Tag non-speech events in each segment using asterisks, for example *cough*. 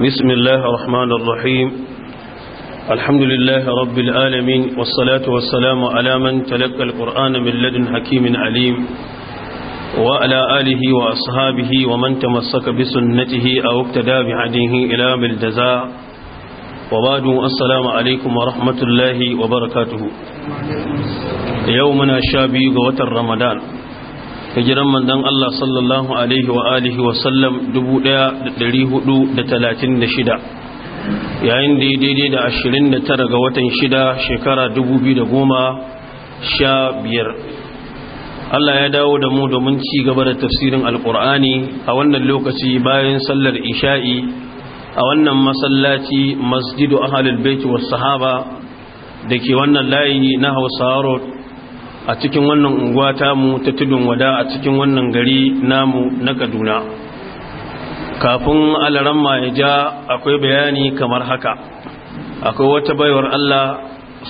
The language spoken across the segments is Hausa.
بسم الله الرحمن الرحيم الحمد لله رب العالمين والصلاة والسلام على من تلقى القرآن من لدن حكيم عليم وعلى آله وأصحابه ومن تمسك بسنته أو اقتدى بهديه إلى بالجزاء وبعد السلام عليكم ورحمة الله وبركاته يومنا شابي قوة رمضان hijiran manzon Allah sallallahu alaihi wa alihi wa sallam 1436 yayin da daidai da 29 ga watan 6 shekara 2015 Allah ya dawo da mu domin ci gaba da tafsirin alkur'ani a wannan lokaci bayan sallar isha'i a wannan masallaci masjidu ahlul bait was sahaba dake wannan layi na Hausa road a cikin wannan unguwa mu ta tudun wada a cikin wannan gari namu na kaduna kafin ma ya ja akwai bayani kamar haka akwai wata baiwar allah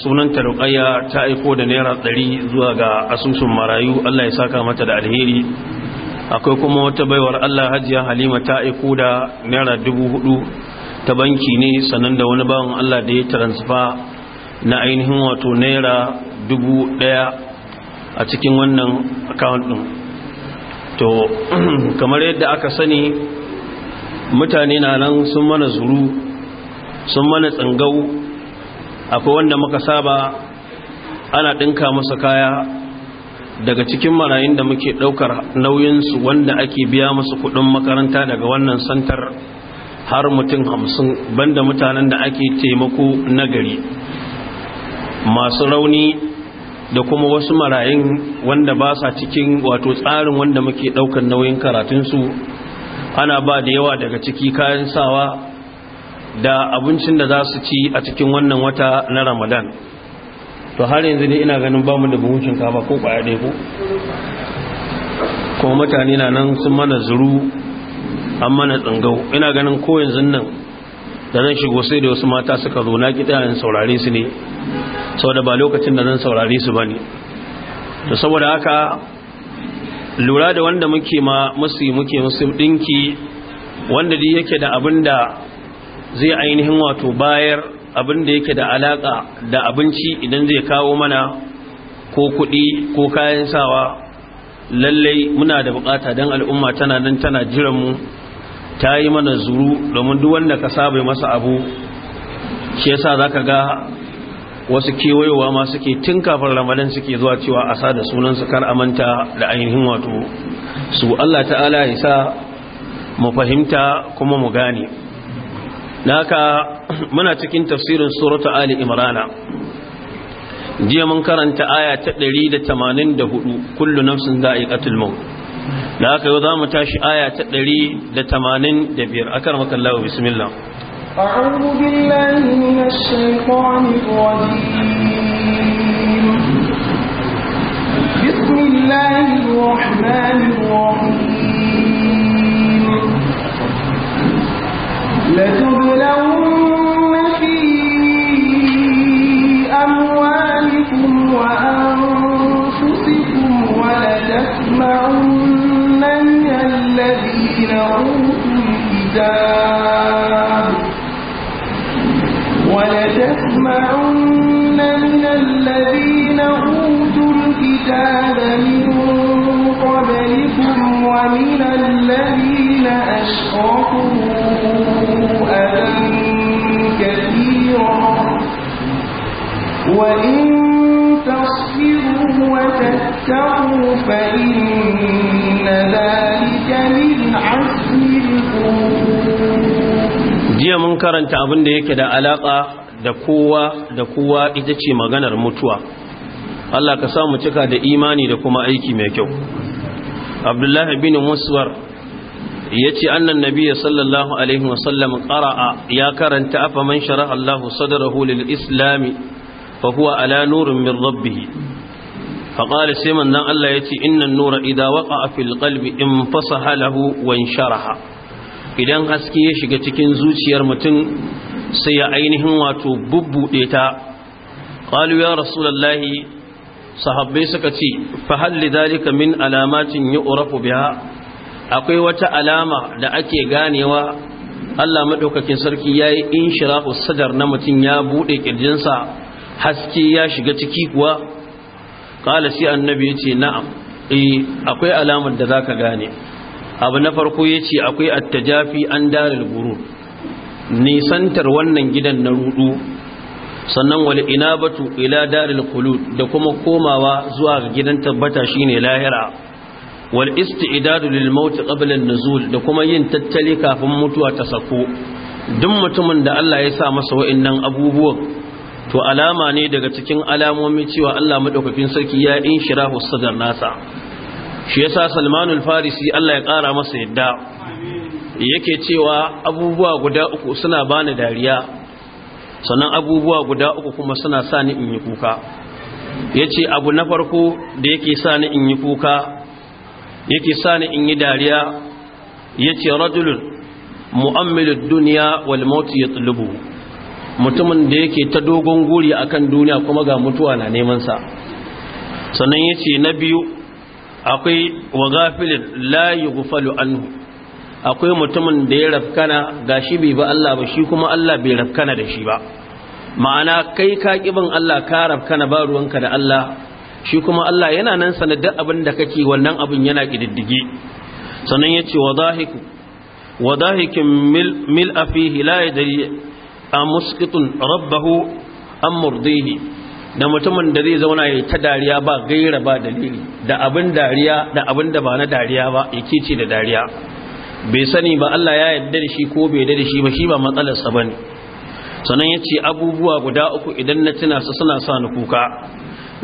sunan ruƙayya ta aiko da naira ɗari zuwa ga asusun marayu allah ya saka mata da alheri akwai kuma wata baiwar allah hajiya halima ta aiko da naira dubu hudu ta banki ne sannan da wani bawan allah da ya transfer na ainihin wato naira dubu ɗaya a cikin wannan account din to *clears throat* kamar yadda aka sani mutane na nan sun mana zuru sun mana tsangau akwai wanda muka saba ana ɗinka masa kaya daga cikin marayun da muke ɗaukar nauyinsu wanda ake biya musu kuɗin makaranta daga wannan santar har mutum hamsin banda mutanen da ake taimako nagari masu rauni da kuma wasu marayun wanda ba sa cikin wato tsarin wanda muke daukar nauyin karatunsu ana ba da yawa daga ciki kayan sawa da abincin da za su ci a cikin wannan wata na ramadan to har yanzu dai ina ganin ba mu da buhun kafa ko kwaya ɗaya ko kuma mutane na nan sun mana zuru an mana tsangau ina ganin ko yanzu nan da zan shigo sai da wasu mata suka zo na kita in saurare su ne saboda ba lokacin da zan saurare su ba ne to saboda haka lura da wanda muke ma musu muke musu dinki wanda dai yake da abin zai ainihin wato bayar abin yake da alaka da abinci idan zai kawo mana ko kuɗi ko kayan sawa lallai muna da bukata dan al'umma tana nan tana jiran mu ta yi mana zuru domin duk wanda ka saba masa abu shi yasa zaka ga wasu kewayowa ma suke tun kafin ramadan suke zuwa cewa sa da sunan su kar amanta da ainihin wato su Allah ta'ala ya sa mu fahimta kuma mu gane naka *clears throat* muna cikin tafsirin suratu ali imrana jiya mun karanta aya ta 184 kullu nafsin da'iqatul maut da aka yau za mu tashi aya ta 185 الله بسم bismillah أعوذ بالله من الشيطان الرجيم بسم الله الرحمن الرحيم لتبلون في أموالكم وأموالكم الكتاب ولتسمعن من الذين أوتوا الكتاب من قبلكم ومن الذين أشركوا أذى كثيرا وإن تصبروا وتتقوا فإن ذلك من عزم jiya mun karanta abin da yake da alaƙa da kowa da kowa ita ce maganar mutuwa Allah ka samu cika da imani da kuma aiki mai kyau Abdullahi bin ya yace annan nabiy sallallahu alaihi wasallam ƙara'a ya karanta afa man sharaha Allahu sadrahu lil islam fa huwa ala nurin min rabbih fa qala sai manzon Allah yace innan nura idha waqa'a fil qalbi infasaha lahu wa insharaha idan haske ya shiga cikin zuciyar mutum sai ya ainihin wato bubbuɗe ta ƙalu ya rasulallahi sahabbai suka ce fahalli dalika min alamacin yi urafu biya akwai wata alama da ake ganewa Allah maɗaukakin sarki ya yi in shirafu sadar na mutum ya buɗe ƙirjinsa haske ya shiga ciki kuwa ƙala annabi ya ce na'am eh, akwai alamar da za ka gane abu na farko ya ce akwai attajafi an daril gurur nisantar wannan gidan na rudu sannan ina batu ila daril khulud da kuma komawa zuwa ga gidan tabbata shine lahira wal isti'dadu lil maut qabla an-nuzul da kuma yin tattali kafin mutuwa ta sako duk mutumin da Allah ya sa masa wa'annan abubuwan to alama ne daga cikin alamomi cewa Allah madaukakin sarki ya inshirahu sadar nasa shi yasa salmanul farisi Allah ya kara masa yadda yake cewa abubuwa guda uku suna bani dariya sannan abubuwa guda uku kuma suna sa ni in yi kuka yace abu na farko da yake sa ni in yi kuka yake sa ni in yi dariya yace rajulun mu'ammilud dunya wal maut yatlubu mutumin da yake ta dogon guri akan duniya kuma ga mutuwa na neman sa sannan yace na biyu akwai wa gafilin la yughfalu akwai mutumin da ya rafkana shi bai ba Allah ba shi kuma Allah bai rafkana da shi ba ma'ana kai ka kibin Allah ka rafkana ba ruwanka da Allah shi kuma Allah yana nan sanar da abin da kake wannan abin yana kididdige sannan yace wa zahiku wa zahikin mil afihi la yadri a musqitun rabbahu am murdihi da mutumin da zai zauna ya ta dariya ba gaira ba dalili da abin dariya da abin da ba na dariya ba ya kici da dariya bai sani ba Allah ya yarda da shi ko bai yarda da shi ba shi ba matsalarsa ba ne sannan yace abubuwa guda uku idan na tuna su suna sa ni kuka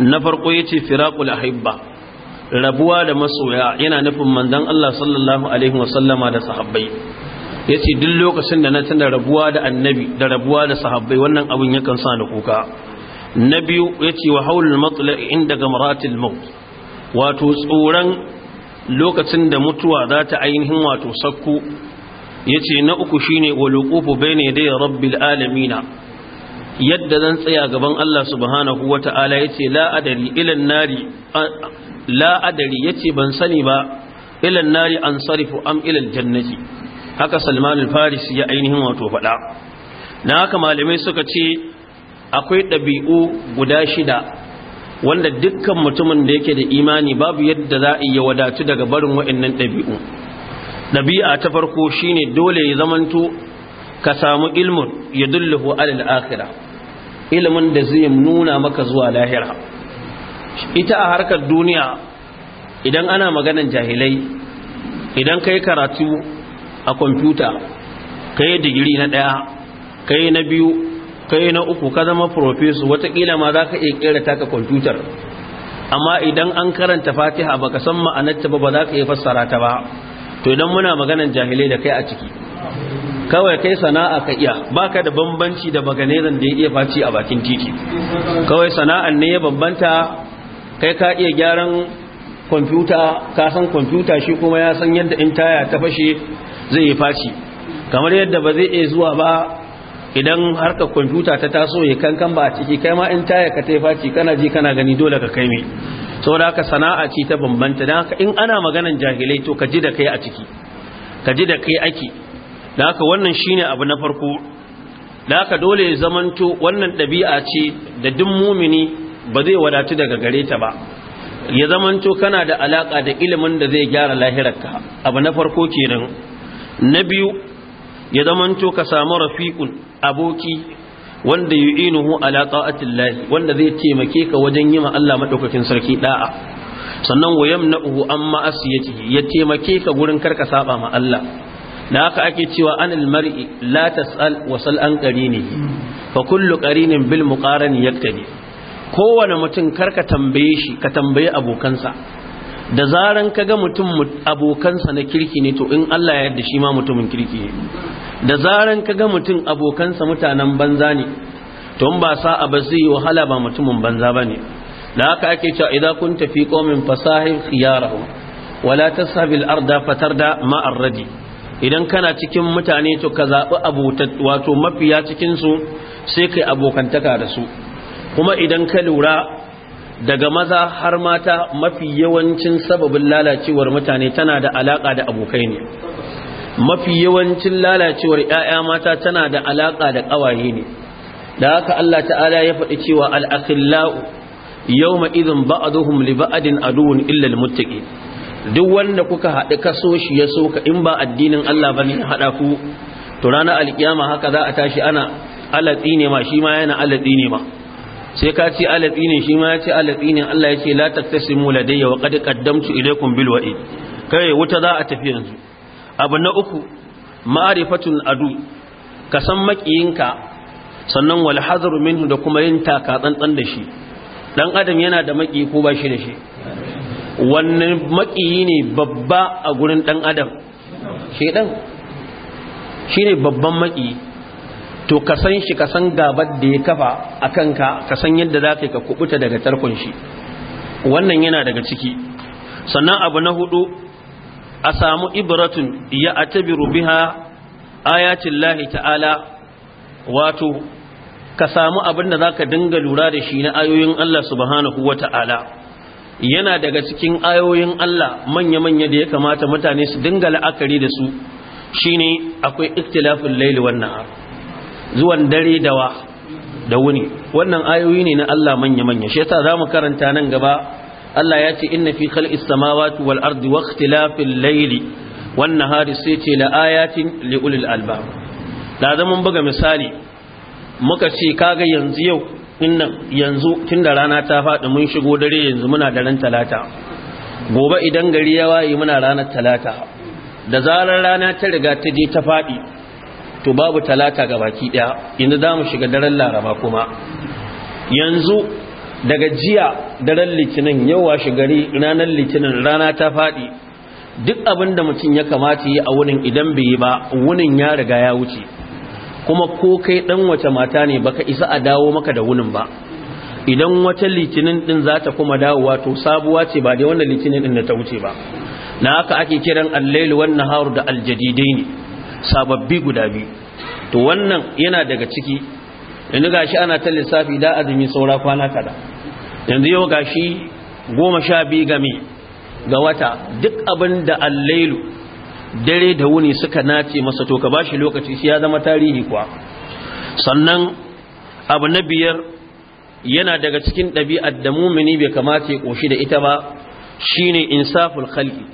na farko yace ce ahibba rabuwa da masoya yana nufin manzon Allah sallallahu alaihi wasallama da sahabbai ya duk lokacin da na tuna rabuwa da annabi da rabuwa da sahabbai wannan abin yakan sa ni kuka na biyu ya ce wa haulul matsala'i inda gamaratul maut wato tsoron lokacin da mutuwa za ta ainihin wato sakku ya ce na uku shine walukufu bai ne dai rabbil alamina yadda zan tsaya gaban Allah subhanahu wa ta'ala ya ce la'adari nari la'adari ya ce ban sani ba ilan nari an sarifu am ilan jannati haka salman al-faris ya ainihin wato faɗa na haka malamai suka ce akwai ɗabi'u guda shida wanda dukkan mutumin da yake da imani babu yadda za a iya wadatu daga barin nan ɗabi'u ɗabi'a ta farko shine dole ya zamanto ka samu ilmun ya dulluhu alal akhira ilmin da zai nuna maka zuwa lahira ita a harkar duniya idan ana maganan jahilai idan kai karatu a kwamfuta kai digiri na ɗaya kai na biyu kai na uku ka zama profeso watakila ma za ka iya kera taka kwamfutar amma idan an karanta fatiha baka san ma'anarta ba ba za ka iya fassara ta ba to idan muna maganan jahilai da kai a ciki kawai kai sana'a ka iya Ba ka da bambanci da baganezan da ya iya faci a bakin titi kawai sana'an ne ya bambanta kai ka iya gyaran kwamfuta ka san kwamfuta shi kuma ya san yadda in taya ta fashe zai yi faci kamar yadda ba zai iya zuwa ba idan harka kwamfuta ta taso ya kankan ba a ciki kai ma in taya ka taifa ci kana ji kana gani dole ka kai mai da haka sana'a ce ta bambanta dan haka in ana maganan jahilai to ka ji da kai a ciki ka ji da kai ake da haka wannan shine abu na farko da haka dole ya zamanto wannan ɗabi'a ce da duk mumini ba zai wadatu daga gare ta ba ya zamanto kana da alaka da ilimin da zai gyara lahirarka abu na farko kenan na biyu ya zamanto ka samu rafiqun aboki wanda yu'inuhu ala Atillahi wanda zai taimake ka wajen yi ma Allah maɗaukakin sarki ɗa'a sannan na uhu amma asiyatihi ya ya taimake ka gurin karka saba ma Allah da haka ake cewa an mar'i la tas'al wa sal an qarinihi fa kullu qarinin bil muqarin yaktabi kowane mutum karka tambaye shi ka tambaye abokansa da zaran ga mutum abokansa na kirki ne to in Allah ya yarda shi ma mutumin kirki ne da zaran ga mutum abokansa mutanen banza ne to in ba sa'a ba zai wahala ba mutumin banza ba ne. da haka ake cewa idan kun tafi komin fasahib khiyarahum wala tashabil arda fatarda ma arradi idan kana cikin mutane to ka zabi abota wato mafiya cikin su sai kai abokantaka da su kuma idan ka lura daga maza har mata mafi yawancin sababin lalacewar mutane tana da alaka da abokai ne mafi yawancin lalacewar 'ya'ya mata tana da alaka da ƙawaye ne da haka Allah ta'ala ya faɗi cewa al'akhillau yawma idhin ba'dhum li ba'din aduwwun illa al-muttaqin duk wanda kuka haɗu kaso shi ya soka in ba addinin Allah bane ya haɗa ku to ranar alkiyama haka za a tashi ana alatsi ne ma shi ma yana alatsi ne ma sai ka ce alatsi ne shi ma ya ce alatsi ne Allah ya ce la taktasimu ladayya wa qad qaddamtu ilaykum bil wa'id kai wuta za a tafi yanzu abu na uku ma'arifatun adu ka san makiyinka sannan wal hazaru minhu da kuma yin taka tsantsan da shi dan adam yana da maki ko ba shi da shi wannan makiyi ne babba a gurin dan adam shedan shine babban makiyi to ka san shi ka san gabar da ya kafa a kanka ka san yadda za ka kubuta daga tarkon shi wannan yana daga ciki sannan abu na hudu a samu ibratun ya a tabiru biha ayatun lahi ta'ala wato ka samu abin da za ka dinga lura da shi na ayoyin Allah subhanahu wa ta'ala yana daga cikin ayoyin Allah manya-manya da ya kamata mutane su dinga la'akari da su shine akwai iktilafin laili wannan abu zuwan dare dawa da wuni wannan ayoyi ne na Allah manya-manya shi yasa zamu karanta nan gaba Allah ya ce inna fi khalqis samawati wal ardi wa ikhtilafil layli wan nahari sai ce la ayatin li ulil albab da mun buga misali muka ce kaga yanzu yau inna yanzu tunda rana ta faɗi mun shigo dare yanzu muna da ran talata gobe idan gari ya waye muna ranar talata da zarar rana ta riga ta je ta faɗi to babu talata ga baki daya inda za mu shiga daren laraba kuma yanzu daga jiya daren litinin yau washe gari ranar litinin rana ta faɗi duk abin da mutum ya kamata yi a wunin idan bai yi ba wunin ya riga ya wuce kuma ko kai dan wace mata ne baka isa a dawo maka da wunin ba idan wata litinin din za ta kuma dawowa to sabuwa ce ba dai wannan litinin din da ta wuce ba na haka ake kiran allailu wan nahar da aljadidai ne sababbi guda biyu to wannan yana daga ciki yanzu gashi ana ta lissafi da azumi saura kwana kada yanzu yau gashi goma sha biyu game ga wata duk abin da allailu dare da wuni suka nace masa to ka bashi lokaci shi ya zama tarihi kuwa sannan abu na biyar yana daga cikin ɗabi'ar da mumini bai kamata ya ƙoshi da ita ba shine insaful khalqi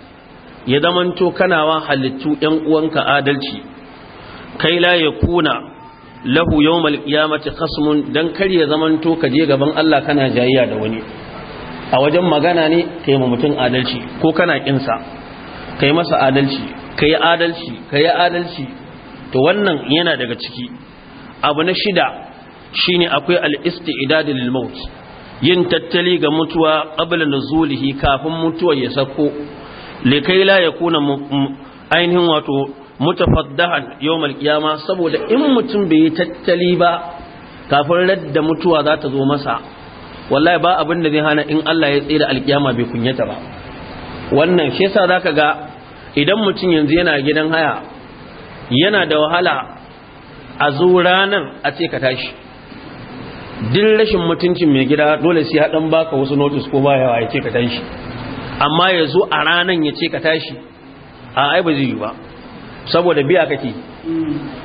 ya zamanto kanawa halittu ‘yan uwanka adalci, kai la ya kuna lahu yau malƙiyamata kasmun don kar ya zamanto ka je gaban Allah kana jayayya da wani, a wajen magana ne ka yi mutum adalci ko kana ƙinsa, ka yi masa adalci, ka yi adalci, ka yi adalci, to wannan yana daga ciki. Abu na shida shine ne akwai al'isti idadin maut yin tattali ga mutuwa ƙabla na zulihi kafin mutuwar ya sako likai la kuna ainihin wato mutafaddahan yau malkiyama saboda in mutum bai yi tattali ba kafin radda mutuwa za ta zo masa wallahi ba abin da zai hana in Allah ya tsira alkiyama bai kunyata ba wannan shi yasa zaka ga idan mutum yanzu yana gidan haya yana da wahala a zo ranar a ce ka tashi duk rashin mutuncin mai gida dole sai dan baka wasu notice ko baya ya ce ka tashi amma ya zo a ranan ya ce ka tashi a aiba ba zai yi ba saboda biya kake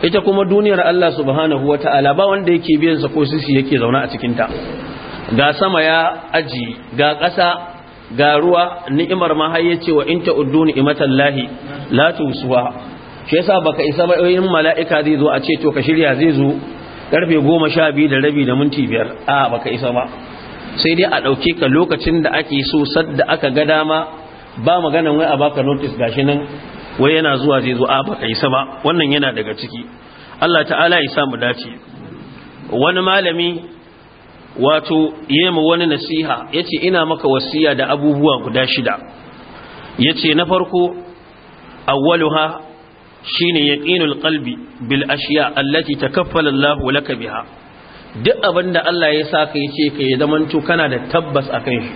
ita kuma duniyar Allah subhanahu wa ta'ala ba wanda yake biyan sa ko sisi yake zauna a cikin ta ga sama ya aji ga ƙasa ga ruwa ni'imar ma har yace wa in ta'udduni imatallahi la tusuwa shi yasa baka isa ba in mala'ika zai zo a ce to ka shirya zai zo karfe 12 da rabi da minti 5 a baka isa ba sai dai a ɗauke ka lokacin da ake so sadda aka ga dama ba maganan wai a baka notis gashi nan wai yana zuwa zai zo a baka isa ba wannan yana daga ciki Allah ta'ala ya samu dace wani malami wato yema wani nasiha ya ce ina maka wasiya da abubuwa guda shida yace na farko awwaluha shine yaqinul qalbi bil ashiya allati takaffala Allahu laka biha duk abin da Allah ya sa ka yi ce ka yi zamanto kana da tabbas a kan shi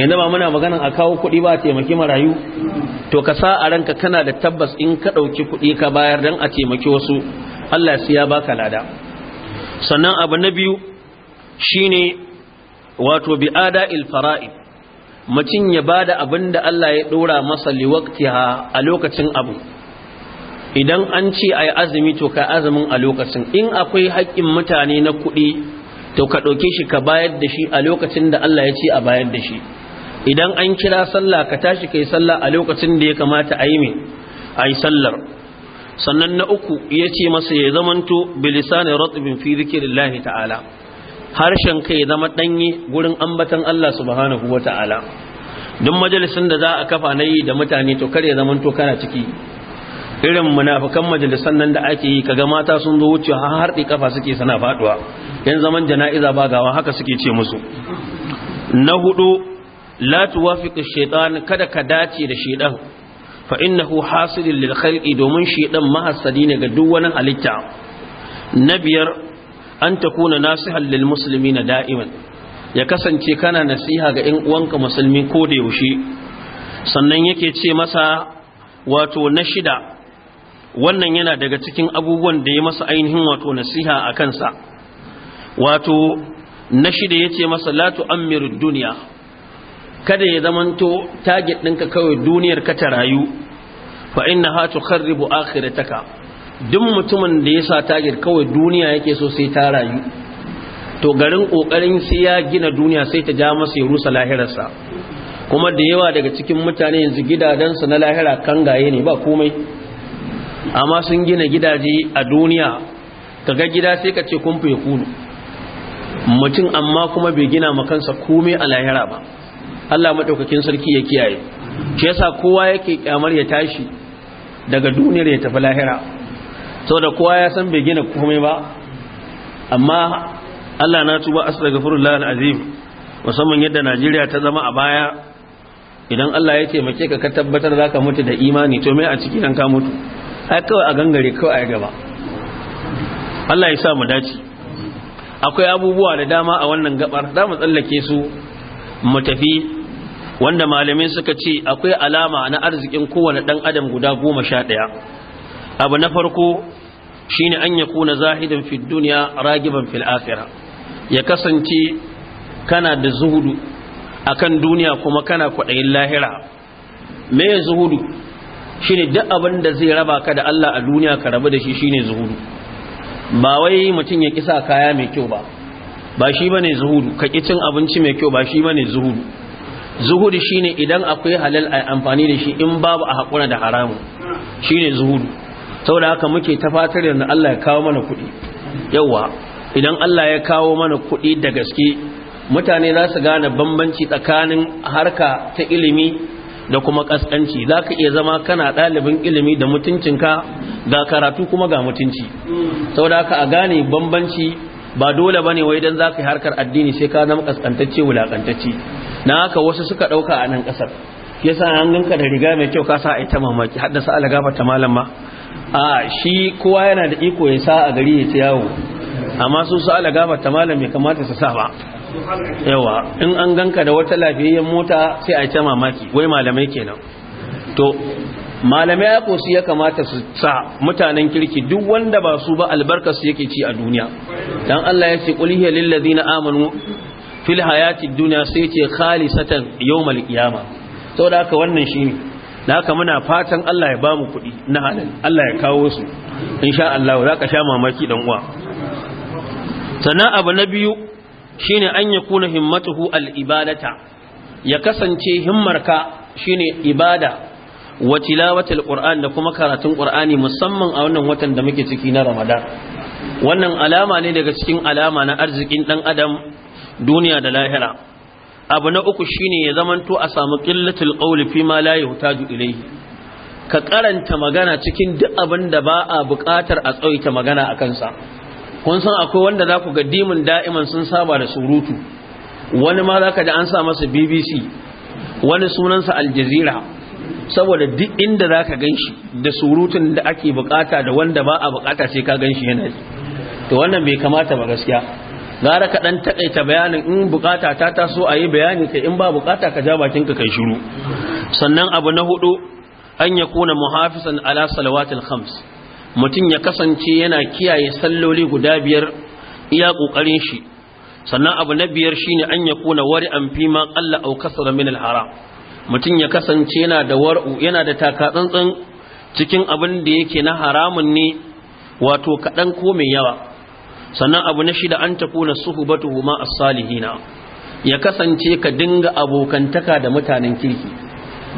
yanzu ba muna magana a kawo kuɗi ba a taimaki marayu to ka sa a ranka kana da tabbas in ka ɗauki kuɗi ka bayar don a taimaki wasu Allah sai ya baka lada sannan abu na biyu shine wato bi ada il fara'i mutum ya bada abin da Allah ya ɗora masa liwaktiha a lokacin abu idan an ce ai azumi to ka azumin a lokacin in akwai haƙƙin mutane na kuɗi to ka ɗauke shi ka bayar da shi a lokacin da Allah ya ce a bayar da shi idan an kira sallah ka tashi kai sallah a lokacin da ya kamata a yi mai a yi sallar sannan na uku ya ce masa ya zamanto bilisanin ratsubin fi zikirillahi ta'ala harshen kai zama ɗanye gurin ambatan Allah subhanahu wa ta'ala duk majalisun da za a kafa na yi da mutane to kar ya zaman to kana ciki irin munafikan majalisan nan da ake yi kaga mata sun zo wuce har harɗi kafa suke sana faduwa yan zaman jana'iza ba gawa haka suke ce musu na hudu la tuwafiq shaytan kada ka dace da shaytan fa innahu hasilul lil khalqi domin shaytan mahassadi ne ga duk wani halitta na biyar an takuna nasihan lil muslimina da'iman ya kasance kana nasiha ga 'yan uwanka musulmi ko da yaushe sannan yake ce masa wato na shida wannan yana daga cikin abubuwan da ya masa ainihin wato nasiha a kansa wato na shida ya ce masa latu amir duniya kada ya zamanto target ɗinka kawai duniyar ka ta rayu fa inna ha tukharribu akhirataka duk mutumin da ya sa target kawai duniya yake so sai ta rayu to garin kokarin sai ya gina duniya sai ta ja masa ya rusa lahirarsa kuma da yawa daga cikin mutane yanzu gidajensu na lahira kangaye ne ba komai amma sun gina gidaje a duniya Ka ga gida sai ka ce kun fi kunu mutum amma kuma bai gina ma kansa komai a lahira ba Allah maɗaukakin sarki ya kiyaye shi yasa kowa yake kyamar ya tashi daga duniyar ya tafi lahira Sau da kowa ya san bai gina komai ba amma Allah na tuba astaghfirullah alazim musamman yadda Najeriya ta zama a baya idan Allah ya taimake ka ka tabbatar za ka mutu da imani to me a cikin ka mutu ai kawai a gangare kawai a gaba Allah ya sa mu dace akwai abubuwa da dama a wannan gabar da mu tsallake su mu tafi wanda malamin suka ce akwai alama na arzikin kowane dan adam guda goma sha ɗaya abu na farko shine an ya kuna zahidan fi duniya ragiban fil ya kasance kana da zuhudu akan duniya kuma kana kwaɗayin lahira me zuhudu ne duk abin da zai raba ka da Allah a duniya ka rabu da shi shine zuhudu ba wai mutum ya kisa kaya mai kyau ba ba shi ba ne zuhudu ka ki cin abinci mai kyau ba shi ba ne zuhudu zuhudu shine idan akwai halal a amfani da shi in babu a hakura da haramu Shi ne zuhudu saboda haka muke ta fatar da Allah ya kawo mana kuɗi yauwa idan Allah ya kawo mana kuɗi da gaske mutane za su gane bambanci tsakanin harka ta ilimi da kuma kaskanci za ka iya zama kana ɗalibin ilimi da mutuncinka ga karatu kuma ga mutunci Sau da aka a gane bambanci ba dole ba ne wai dan za ka yi harkar addini sai ka zama kaskantacce wulakantacce na haka wasu suka ɗauka a nan ƙasar ya sa an ganka da riga mai kyau ka sa a ita mamaki haddasa alagafa ta malam ma a shi kowa yana da iko ya sa a gari ya ta yawo amma su su ala gaba ta malam ya kamata su sa ba yawa in an ganka da wata lafiyayyen mota sai a ta mamaki wai malamai kenan to malamai ya kosu ya kamata su sa mutanen kirki duk wanda ba su ba albarkarsu yake ci a duniya dan Allah ya ce qul hiya lil ladina amanu fil hayati dunya sai ce khalisatan yawmal qiyama saboda haka wannan shine da haka muna fatan Allah ya bamu kuɗi na halin Allah ya kawo su insha Allah za ka sha mamaki dan uwa sannan abu na biyu shine an ya kuna himmatuhu al-ibadata ya kasance himmarka shine ibada wa tilawatul qur'an da kuma karatun qur'ani musamman a wannan watan da muke ciki na ramadan wannan alama ne daga cikin alama na arzikin dan adam duniya da lahira abu na uku shine ya zamanto a samu qillatul qawli fi ma la yuhtaju ilayhi ka karanta magana cikin duk abin da ba a buƙatar a tsawaita magana a kansa kun san akwai wanda za ku ga dimin da'iman sun saba da surutu wani ma za ka ji an sa masa bbc wani sunansa aljazira saboda duk inda za ka gan da surutun da ake bukata da wanda ba a bukata sai ka gan shi yana ji to wannan bai kamata ba gaskiya gara ka dan takaita bayanin in bukata ta taso a yi bayani ka in ba bukata ka ja bakin ka kai shiru sannan abu na hudu an yakuna muhafisan ala salawatil khams mutum ya kasance yana kiyaye salloli guda biyar iya ƙoƙarin shi sannan abu na biyar shine an ya kuna wari an fi ma ƙalla au kasara min alhara mutum ya kasance yana da war'u yana da takatsantsan cikin abin da yake na haramun ne wato kaɗan ko mai yawa sannan abu na shida an ta kuna suhubatuhu ma as-salihina ya kasance ka dinga abokantaka da mutanen kirki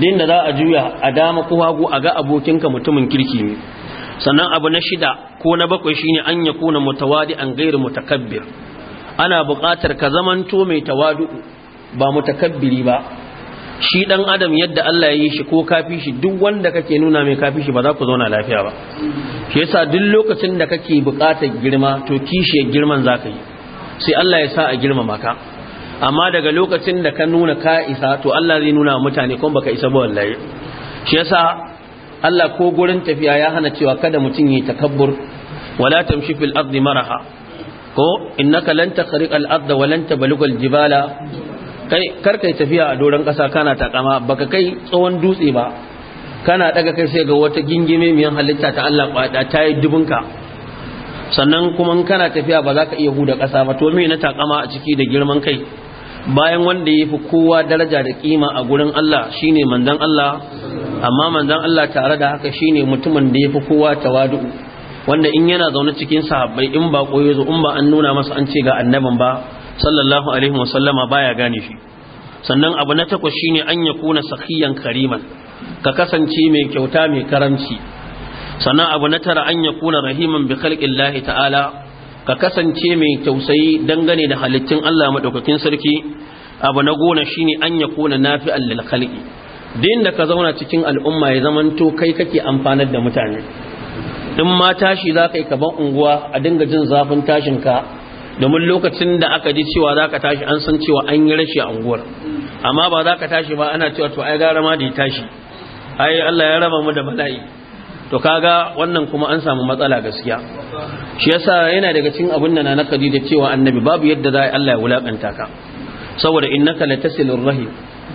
din da za a juya a dama ko hagu a ga abokinka mutumin kirki ne sannan abu na shida ko na bakwai shine an ya kuna mutawadi an gairu mutakabbir ana buƙatar ka zamanto mai tawadu ba mutakabbiri ba shi dan adam yadda Allah ya yi shi ko kafi shi duk wanda kake nuna mai kafi shi ba za ku zauna lafiya ba shi yasa duk lokacin da kake buƙatar girma to kishiyar girman za ka yi sai Allah ya sa a girmamaka maka amma daga lokacin da ka nuna ka isa to Allah zai nuna mutane kuma baka isa ba wallahi shi yasa Allah ko gurin tafiya ya hana cewa kada mutum yi takabbur wala tamshi fil ardi maraha ko innaka lan takhriq al arda wa lan tablugha jibala kai kar kai tafiya a doron kasa kana takama baka kai tsawon dutse ba kana daga kai sai ga wata gingime miyan halitta ta Allah kwada ta yi dubunka sannan kuma kana tafiya ba za ka iya huda kasa ba to me na takama a ciki da girman kai bayan wanda ya fi kowa daraja da kima a gurin Allah shine manzon Allah amma manzon Allah tare da haka shine mutumin da ya fi kowa tawadu wanda in yana zaune cikin sahabbai in ba koyo zo in ba an nuna masa an ce ga annabin ba sallallahu alaihi wasallama baya gane shi sannan abu na takwas shine an ya kuna sakiyan kariman ka kasance mai kyauta mai karamci sannan abu na tara an ya kuna rahiman bi khalqin ta'ala ka kasance mai tausayi dangane da halittun Allah maɗaukakin sarki abu na gona shine an ya kona nafi lil khalqi din da ka zauna cikin al'umma ya zamanto kai kake amfanar da mutane in ma tashi za ka yi kaban unguwa a dinga jin zafin tashin ka domin lokacin da aka ji cewa za ka tashi an san cewa an yi rashi a unguwar amma ba za ka tashi ba ana cewa to ai gara ma da ya tashi ai Allah ya raba mu da bala'i to kaga wannan kuma an samu matsala gaskiya shi yasa yana daga cikin abin da na Khadija cewa annabi babu yadda za Allah ya wulakanta ka saboda innaka latasilur rahim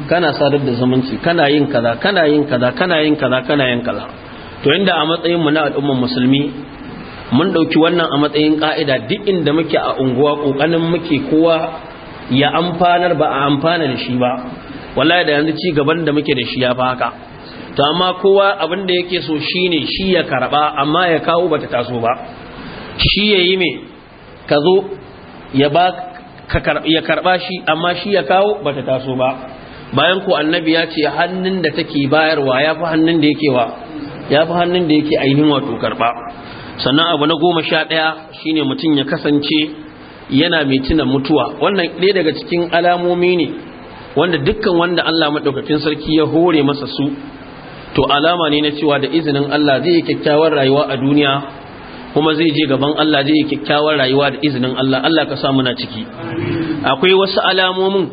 kana sadar da zumunci kana yin kaza kana yin kaza kana yin kaza kana yin kaza to inda a matsayin mu na al'ummar musulmi mun dauki wannan a matsayin ka'ida duk inda muke a unguwa kokarin muke kowa ya amfanar ba a amfana da shi ba wallahi da yanzu ci gaban da muke da shi ya fa haka ta ma kowa abin da yake so shine shi ya karba amma ya kawo bata taso ba shi ya yi me ka zo ya ba ya karba shi amma shi ya kawo bata taso ba bayan ku annabi ya ce hannun da take bayarwa ya fi hannun da yake wa ya fi hannun da yake ainihin wato karba sannan abu na goma sha ɗaya shine mutum ya kasance yana mai tuna mutuwa wannan ɗaya daga cikin alamomi ne wanda dukkan wanda Allah maɗaukakin sarki ya hore masa su to alama ne na cewa da izinin Allah zai yi kyakkyawar rayuwa a duniya kuma zai je gaban Allah zai yi kyakkyawar rayuwa da izinin Allah Allah ka sa muna ciki akwai wasu alamomin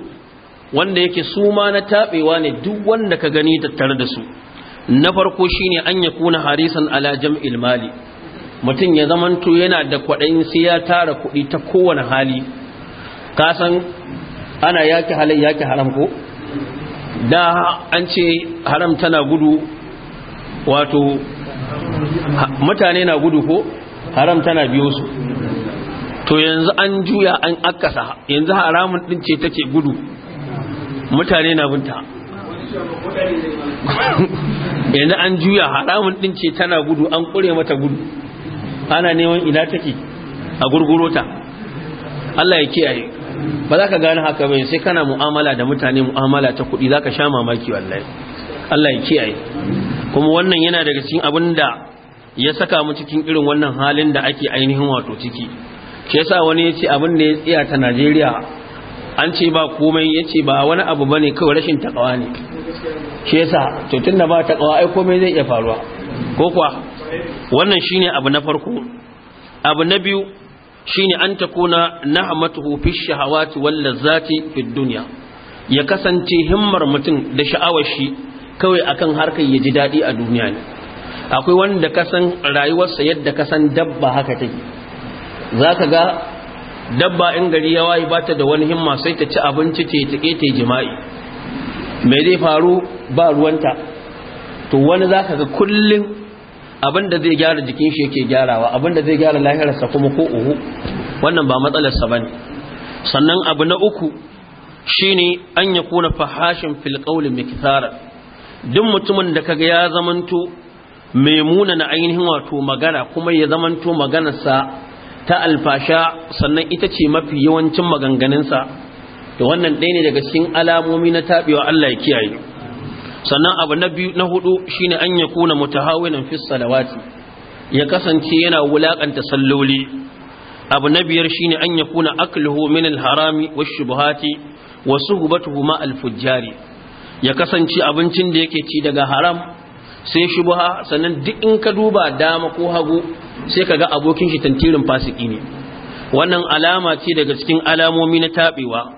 wanda yake su ma na tabewa ne duk wanda ka gani tattare da su na farko shine an ya kuna harisan ala jam'il mali mutum ya zamanto yana da kwaɗayin sai ya tara kuɗi ta kowane hali Ka san ana yaki halai yaki haram ko da an ce haram tana gudu wato mutane na gudu ko haram tana biyo su to yanzu an juya an akasa yanzu haramun din ce take gudu mutane na binta *laughs* yanzu an juya haramun din ce tana gudu an kure mata gudu ana neman ina take a gurgurota Allah ya kiyaye ba za ka gane haka bai sai kana mu'amala da mutane mu'amala ta kuɗi za ka sha mamaki wallahi Allah ya kiyaye kuma wannan yana daga cikin abin da ya saka mu cikin irin wannan halin da ake ainihin wato ciki shi yasa wani ya ce abin da ya tsaya ta Najeriya an ce ba komai ya ce ba wani abu bane kawai rashin takawa ne shi yasa to tunda ba takawa ai komai zai iya faruwa ko kuwa wannan shine abu na farko abu na biyu shine an ta takuna nahmatuhu fi shahawati wal lazati fi dunya ya kasance himmar mutum da sha'awar shi kawai akan harkar ya ji daɗi a duniya ne akwai wanda kasan rayuwarsa yadda kasan dabba haka take zaka ga dabba in gari ya wayi bata da wani himma sai ta ci abinci ta take ta jima'i mai zai faru ba ruwanta to wani zaka ga kullum Abin da zai gyara jikin shi yake gyarawa abin da zai gyara lahirarsa kuma ko uhu wannan ba matsalarsa ba ne. sannan abu na uku shi ne an ya kuna fahashin fil qawli duk mutumin da kaga ya zamanto mai na ainihin wato magana kuma ya zamanto maganarsa ta alfasha sannan ita ce mafi yawancin maganganunsa to wannan ɗaya ne daga cikin alamomi na taɓewa Allah ya kiyaye sannan abu na biyu na hudu shine an ya kuna mutahawinan fi salawati ya kasance yana wulakanta salloli abu na biyar shine an ya kuna akluhu min alharami washubahati wa suhbatuhu ma alfujjari ya kasance abincin da yake ci daga haram sai shubha sannan duk in ka duba dama ko hagu sai kaga abokin shi tantirin fasiki ne wannan alama ce daga cikin alamomi na tabewa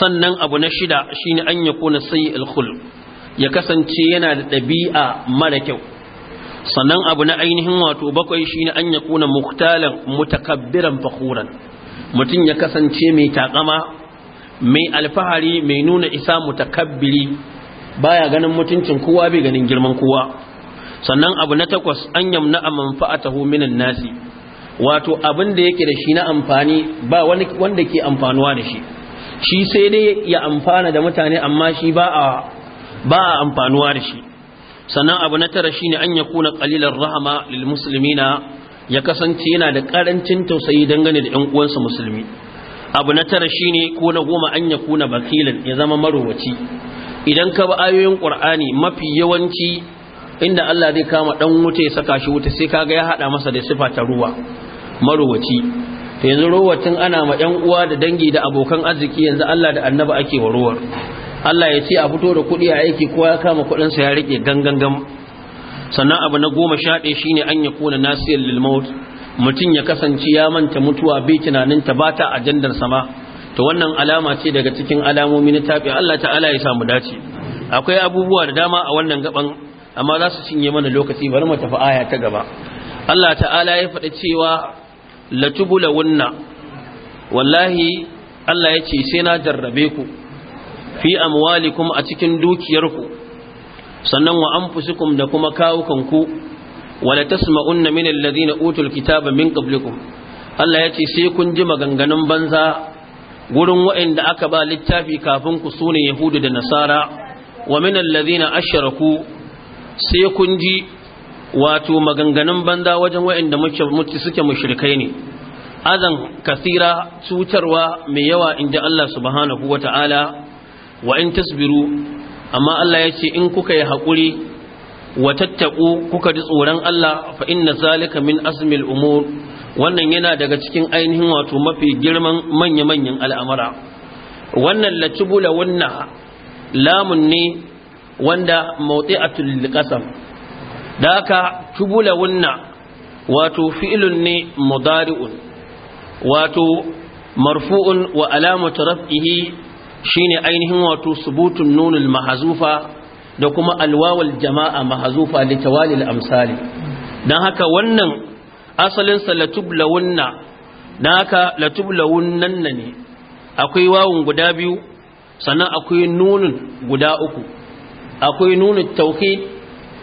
sannan abu na shida shine an ya kuna sayyi alkhulq ya kasance yana da ɗabi'a mara kyau sannan abu na ainihin wato bakwai shine an ya kuna muktalan mutakabbiran fakhuran mutum ya kasance mai takama mai alfahari mai nuna isa mutakabbiri baya ganin mutuncin kowa bai ganin girman kowa sannan abu na takwas an yamna manfa'atahu minan nasi wato abin da yake da shi na amfani ba wanda ke amfanuwa da shi shi sai dai ya amfana da mutane amma shi ba a ba a amfanuwa da shi sannan abu na tara shine an yakuna qalilan rahama lil muslimina ya kasance yana da karancin tausayi dangane da 'yan uwansa musulmi abu na tara shine ko na goma an yakuna bakilan ya zama marowaci idan ka ba ayoyin qur'ani mafi yawanci inda Allah zai kama dan wuta ya saka shi wuta sai kaga ya hada masa da sifa ta ruwa marowaci to yanzu rowatin ana ma 'yan uwa da dangi da abokan arziki yanzu Allah da annabi ake warowar Allah ya ce a fito da kuɗi a aiki kowa ya kama kuɗinsa ya rike gangan sannan abu na goma sha ɗaya shine an ya kona nasiyar lilmaut mutum ya kasance ya manta mutuwa tunanin tunaninta ba ta ajandar sama to wannan alama ce daga cikin alamomi na tafi Allah ta'ala ya samu dace akwai abubuwa da dama a wannan gaban amma za su cinye mana lokaci bari mu tafi aya ta gaba Allah ta'ala ya faɗi cewa latubulawunna wallahi Allah ya ce sai na jarrabe ku fi amwalikum a cikin dukiyarku sannan wa anfusikum da kuma kawukanku wala tasma'unna min alladhina utul kitaba min qablikum Allah ya ce sai kun ji maganganun banza gurin waɗanda aka ba littafi kafin ku sunan yahudu da nasara wa min alladhina asharaku sai kun ji wato maganganun banza wajen waɗanda muke suke mushrikai ne azan kasira cutarwa mai yawa inda Allah subhanahu wata'ala wa in tasbiru amma Allah ya ce in kuka yi haƙuri wa tattaku kuka ji tsoron Allah fa inna zalika min azmil umur wannan yana daga cikin ainihin wato mafi girman manya-manyan al'amara wannan latubula wannan lamun ne wanda mawdi'atul qasam da tubula wannan wato fi'ilun ne mudari'un wato marfu'un wa alamatu raf'ihi shine ainihin wato subutun nunul mahazufa da kuma alwawal jama'a mahazufa tawalil amsali don haka wannan asalin sa latublawunna don haka latublawunnan ne akwai wawun guda biyu sannan akwai nunin guda uku akwai nunin tauki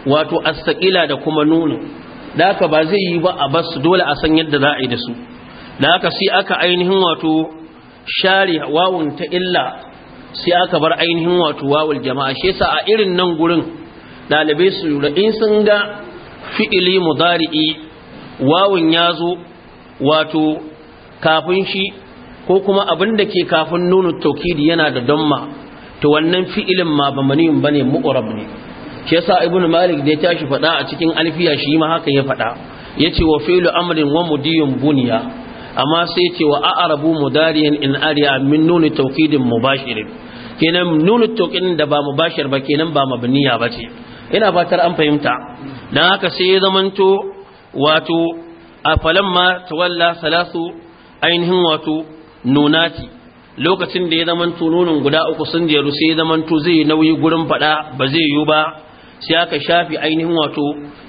wato astaƙila da kuma nunin, da haka ba zai yi ba a basu dole a san yadda za a yi da su da haka sai aka ainihin wato share wawun ta illa sai aka bar ainihin wato wawul jama'a shi yasa a irin nan gurin dalibai su da in sun ga fi'ili mudari'i wawun ya zo wato kafin shi ko kuma abin da ke kafin nunu taukidi yana da damma to wannan fi'ilin ma ba maniyun bane mu'rab ne shi yasa ibnu malik da ya tashi faɗa a cikin alfiya shi ma haka ya faɗa yace wa fi'lu amrin wa mudiyun buniya amma sai ce wa a'rabu mudariyan in ariya min nuni tawkidin mubashirin kenan nuni tawkidin da ba mubashir ba kenan ba mabniya ba ce ina fatar an fahimta dan haka sai ya zamanto wato a falamma tawalla salasu ainihin wato nunati lokacin da ya zamanto nunin guda uku sun jeru sai ya zamanto zai nauyi gurin fada ba zai yi ba sai aka shafi ainihin wato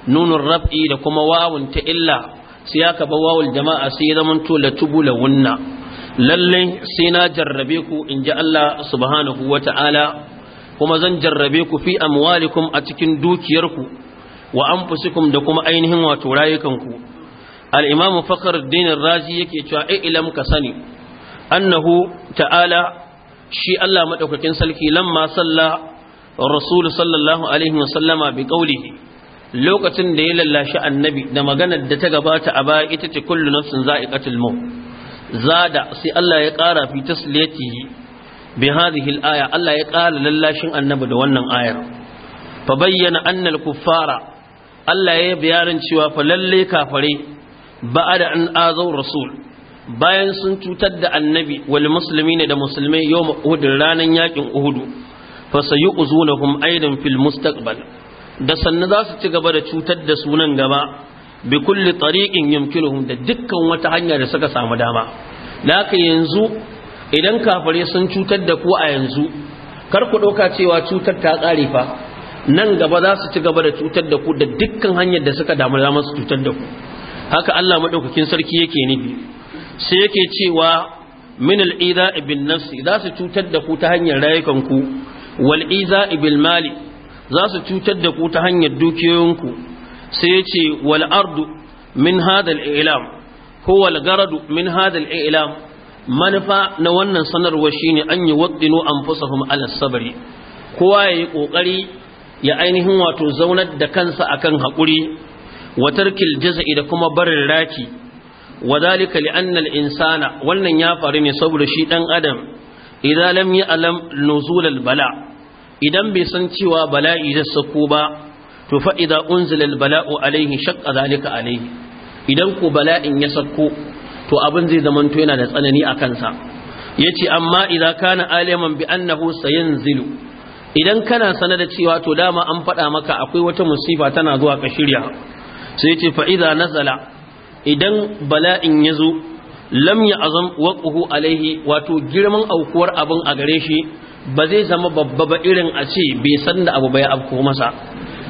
nunun rab'i da kuma wawun ta illa sai ka ba wawul jama'a sai ya zamanto la tubula wunna lalle sai na jarrabe ku in ji Allah subhanahu wata'ala kuma zan jarrabe ku fi amwalikum a cikin dukiyarku wa anfusikum da kuma ainihin wato rayukanku al-imamu fakhruddin razi yake cewa ai ilam ka sani annahu ta'ala shi Allah madaukakin salki lamma salla rasul sallallahu alaihi wasallama bi qawlihi lokacin da ya lallashi annabi da maganar da ta gabata a baya ita ce kullu nafsin za'iqatul maut zada sai Allah ya ƙara fi tasliyatihi bi hadhihi al-aya Allah ya ƙara lallashin annabi da wannan ayar fa bayyana anna al-kuffara Allah ya bayanin cewa fa lalle kafare ba'da an azaw rasul bayan sun cutar da annabi wal muslimina da musulmai yawm uhud ranan yakin uhud fa sayu'zunahum aidan fil mustaqbal da sannu za su ci gaba da cutar da sunan gaba bi kulli tariqin yumkinuhum da dukkan wata hanya da suka samu dama laka yanzu idan kafare sun cutar da ku a yanzu kar ku dauka cewa cutar ta tsare fa nan gaba za su ci gaba da cutar da ku da dukkan hanyar da suka damu da su cutar da ku haka Allah madaukakin sarki yake nufi sai yake cewa min al-idha ibn nafsi za su cutar da ku ta hanyar rayukan ku wal iza ibil mali za su cutar da ku ta hanyar dukiyoyinku sai ya ce wal ardu min hadal ilam ko wal garadu min hadal ilam manufa na wannan sanarwa shine an yi an anfusahum ala sabri kowa yayi kokari ya ainihin wato zaunar da kansa akan hakuri wa tarkil jaza'i da kuma barin raki wa zalika li anna al insana wannan ya faru ne saboda shi dan adam idan lam ya'lam nuzul al bala' idan bai san cewa bala'i zai sako ba to fa idza unzila bala'u alaihi shaqqa zalika alaihi idan ko bala'in ya sako to abin zai zamanto yana da tsanani a kansa yace amma idza kana aliman bi annahu sayanzilu idan kana sanar da cewa to dama an faɗa maka akwai wata musifa tana zuwa ka shirya sai yace fa idza nazala idan bala'in ya zo lam ya azam waquhu alaihi wato girman aukuwar abin a gare shi ba zai zama babba ba irin a ce bai san da abu bai afko masa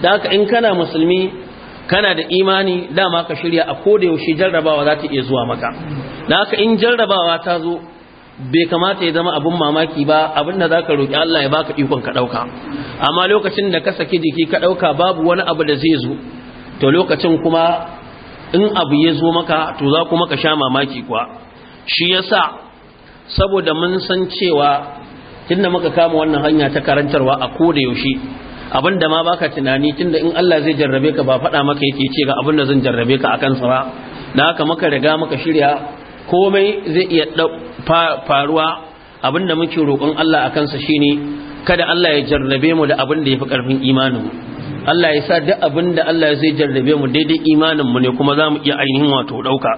da haka in kana musulmi kana da imani dama ka shirya a koda yaushe jarrabawa za ta iya zuwa maka da haka in jarrabawa ta zo bai kamata ya zama abin mamaki ba abin da za ka roƙi Allah ya baka ikon ka ɗauka. amma lokacin da ka saki jiki ka ɗauka babu wani abu da zai zo to lokacin kuma in abu ya zo maka to za kuma ka sha mamaki kuwa shi yasa saboda mun san cewa tunda muka kama wannan hanya ta karantarwa a koda yaushe abinda ma baka tunani tunda in Allah zai jarrabe ka ba faɗa maka yake ce ga abin da zan jarrabe ka akan sa ba dan haka muka riga muka shirya komai zai iya faruwa abinda muke roƙon Allah akan sa shine kada Allah ya jarrabe mu da abin da yafi karfin imanin Allah ya sa duk abin da Allah zai jarrabe mu daidai imanin mu ne kuma za mu iya ainihin wato ɗauka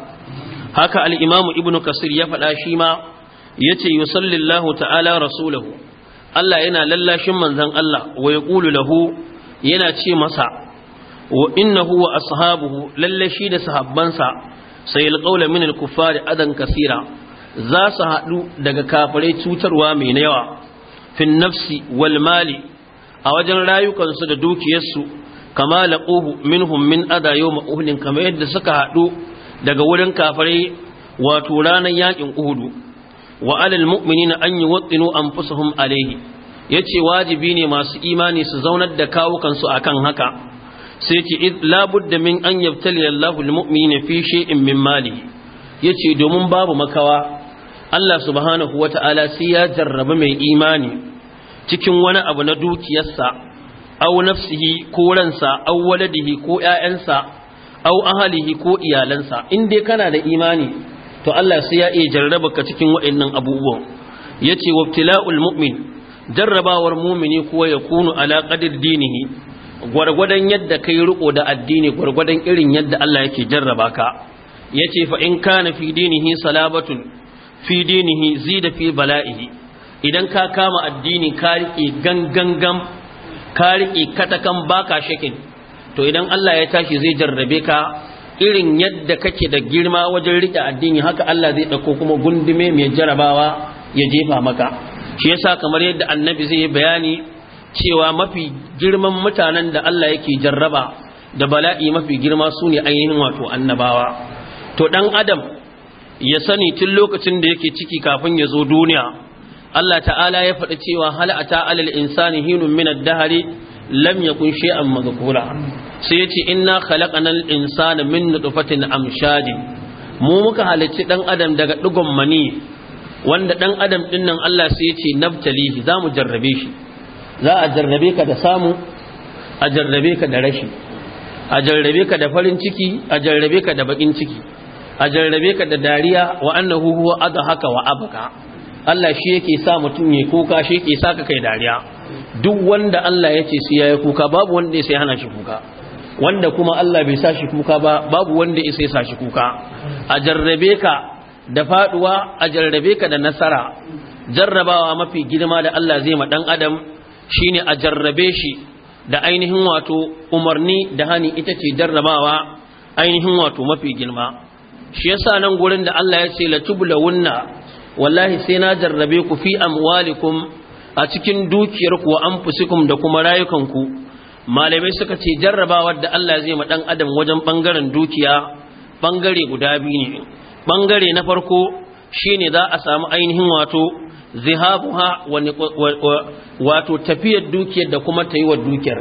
haka al-Imam Ibn Kasir ya faɗa shi ma yace yusallillahu ta'ala rasulahu Allah yana lallashin manzon Allah wa Kulu lahu yana ce masa wa innahu wa ashabuhu lallashi da sahabbansa sai alqawla min al-kuffari adan kasira za su haɗu daga kafirai cutarwa mai yawa fin nafsi wal mali a wajen rayukansu da dukiyarsu kama laquhu minhum min adha yawm uhlin kamar yadda suka haɗu daga wurin kafirai wato ranar yakin uhudu wa alal mu'minina an yuwattinu anfusuhum alayhi yace wajibi ne masu imani su zaunar da kawukan su akan haka sai ce id la budda min an yabtali Allahu almu'minina fi shay'in min mali yace domin babu makawa Allah subhanahu wata'ala sai ya jarraba mai imani cikin wani abu na dukiyarsa aw nafsihi ko ransa aw waladihi ko ƴaƴansa aw ahalihi ko iyalansa in dai kana da imani to Allah sai ya iya jarraba ka cikin waɗannan abubuwan yace wabtila'ul mu'min jarrabawar mumini kuwa ya kunu ala qadir dinihi gwargwadon yadda kai riko da addini gwargwadon irin yadda Allah yake jarraba ka yace fa in kana fi dinihi salabatun fi dinihi zida fi bala'ihi idan ka kama addini ka rike gangan ka rike katakan baka shakin to idan Allah ya tashi zai jarrabe ka irin yadda kake da girma wajen rike addini haka Allah zai ɗauko kuma gundume mai jarabawa ya jefa maka shi yasa kamar yadda annabi zai yi bayani cewa mafi girman mutanen da Allah yake jarraba da bala'i mafi girma su ne ainihin wato annabawa to dan adam ya sani tun lokacin da yake ciki kafin ya zo duniya Allah ta'ala ya faɗi cewa hal'ata alal insani hinun min ad-dahri lam yakun shay'an mazkura sai yace inna khalaqanal insana min nutfatin amshadi mu muka halicci dan adam daga digon mani wanda dan adam din nan Allah sai yace za zamu jarrabe shi za a jarrabe ka da samu a jarrabe ka da rashi a jarrabe ka da farin ciki a jarrabe ka da bakin ciki a jarrabe ka da dariya wa annahu huwa adhaka wa abka Allah shi yake sa mutum ya kuka shi yake sa ka kai dariya duk wanda Allah ya ce sai ya kuka babu wanda ya sai hana shi kuka wanda kuma Allah bai sashi kuka ba babu wanda isa ya sashi kuka a jarrabe ka da faduwa a jarrabe ka da nasara jarrabawa mafi girma da Allah zai ma dan adam shine a jarrabe shi da ainihin wato umarni da hani ita ce jarrabawa ainihin wato mafi girma shi yasa nan gurin da Allah ya ce la tublawunna wallahi sai na jarrabe ku fi amwalikum a cikin dukiyarku wa anfusikum da kuma rayukanku malamai suka ce jarrabawar da Allah zai ma dan adam wajen bangaren dukiya bangare guda biyu ne bangare na farko shine za a samu ainihin wato zihabuha wato tafiyar dukiyar da kuma ta yi wa dukiyar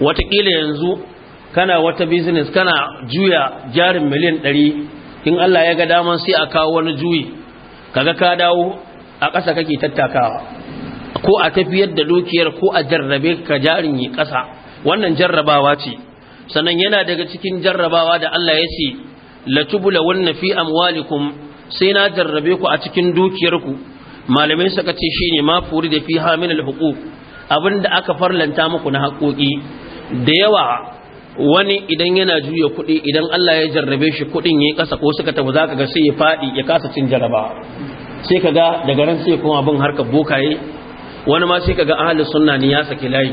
watakila yanzu kana wata business kana juya jarin miliyan ɗari in Allah ya ga daman sai a kawo wani juyi kaga ka dawo a ƙasa kake tattakawa ko a tafiyar da dukiyar ko a jarrabe ka jarin yi ƙasa wannan jarrabawa ce sannan yana daga cikin jarrabawa da Allah ya ce latubula wanna fi amwalikum sai na jarrabe ku a cikin dukiyarku malamai suka ce shine ma furi da fi al huquq abinda aka farlanta muku na haƙoƙi da yawa wani idan yana juya kuɗi idan Allah ya jarrabe shi kuɗin yayi kasa ko suka tabu zaka ga sai ya faɗi ya kasa cin jaraba sai kaga daga ran sai kuma abin harkar bokaye wani ma sai kaga ahli sunna ne ya saki layi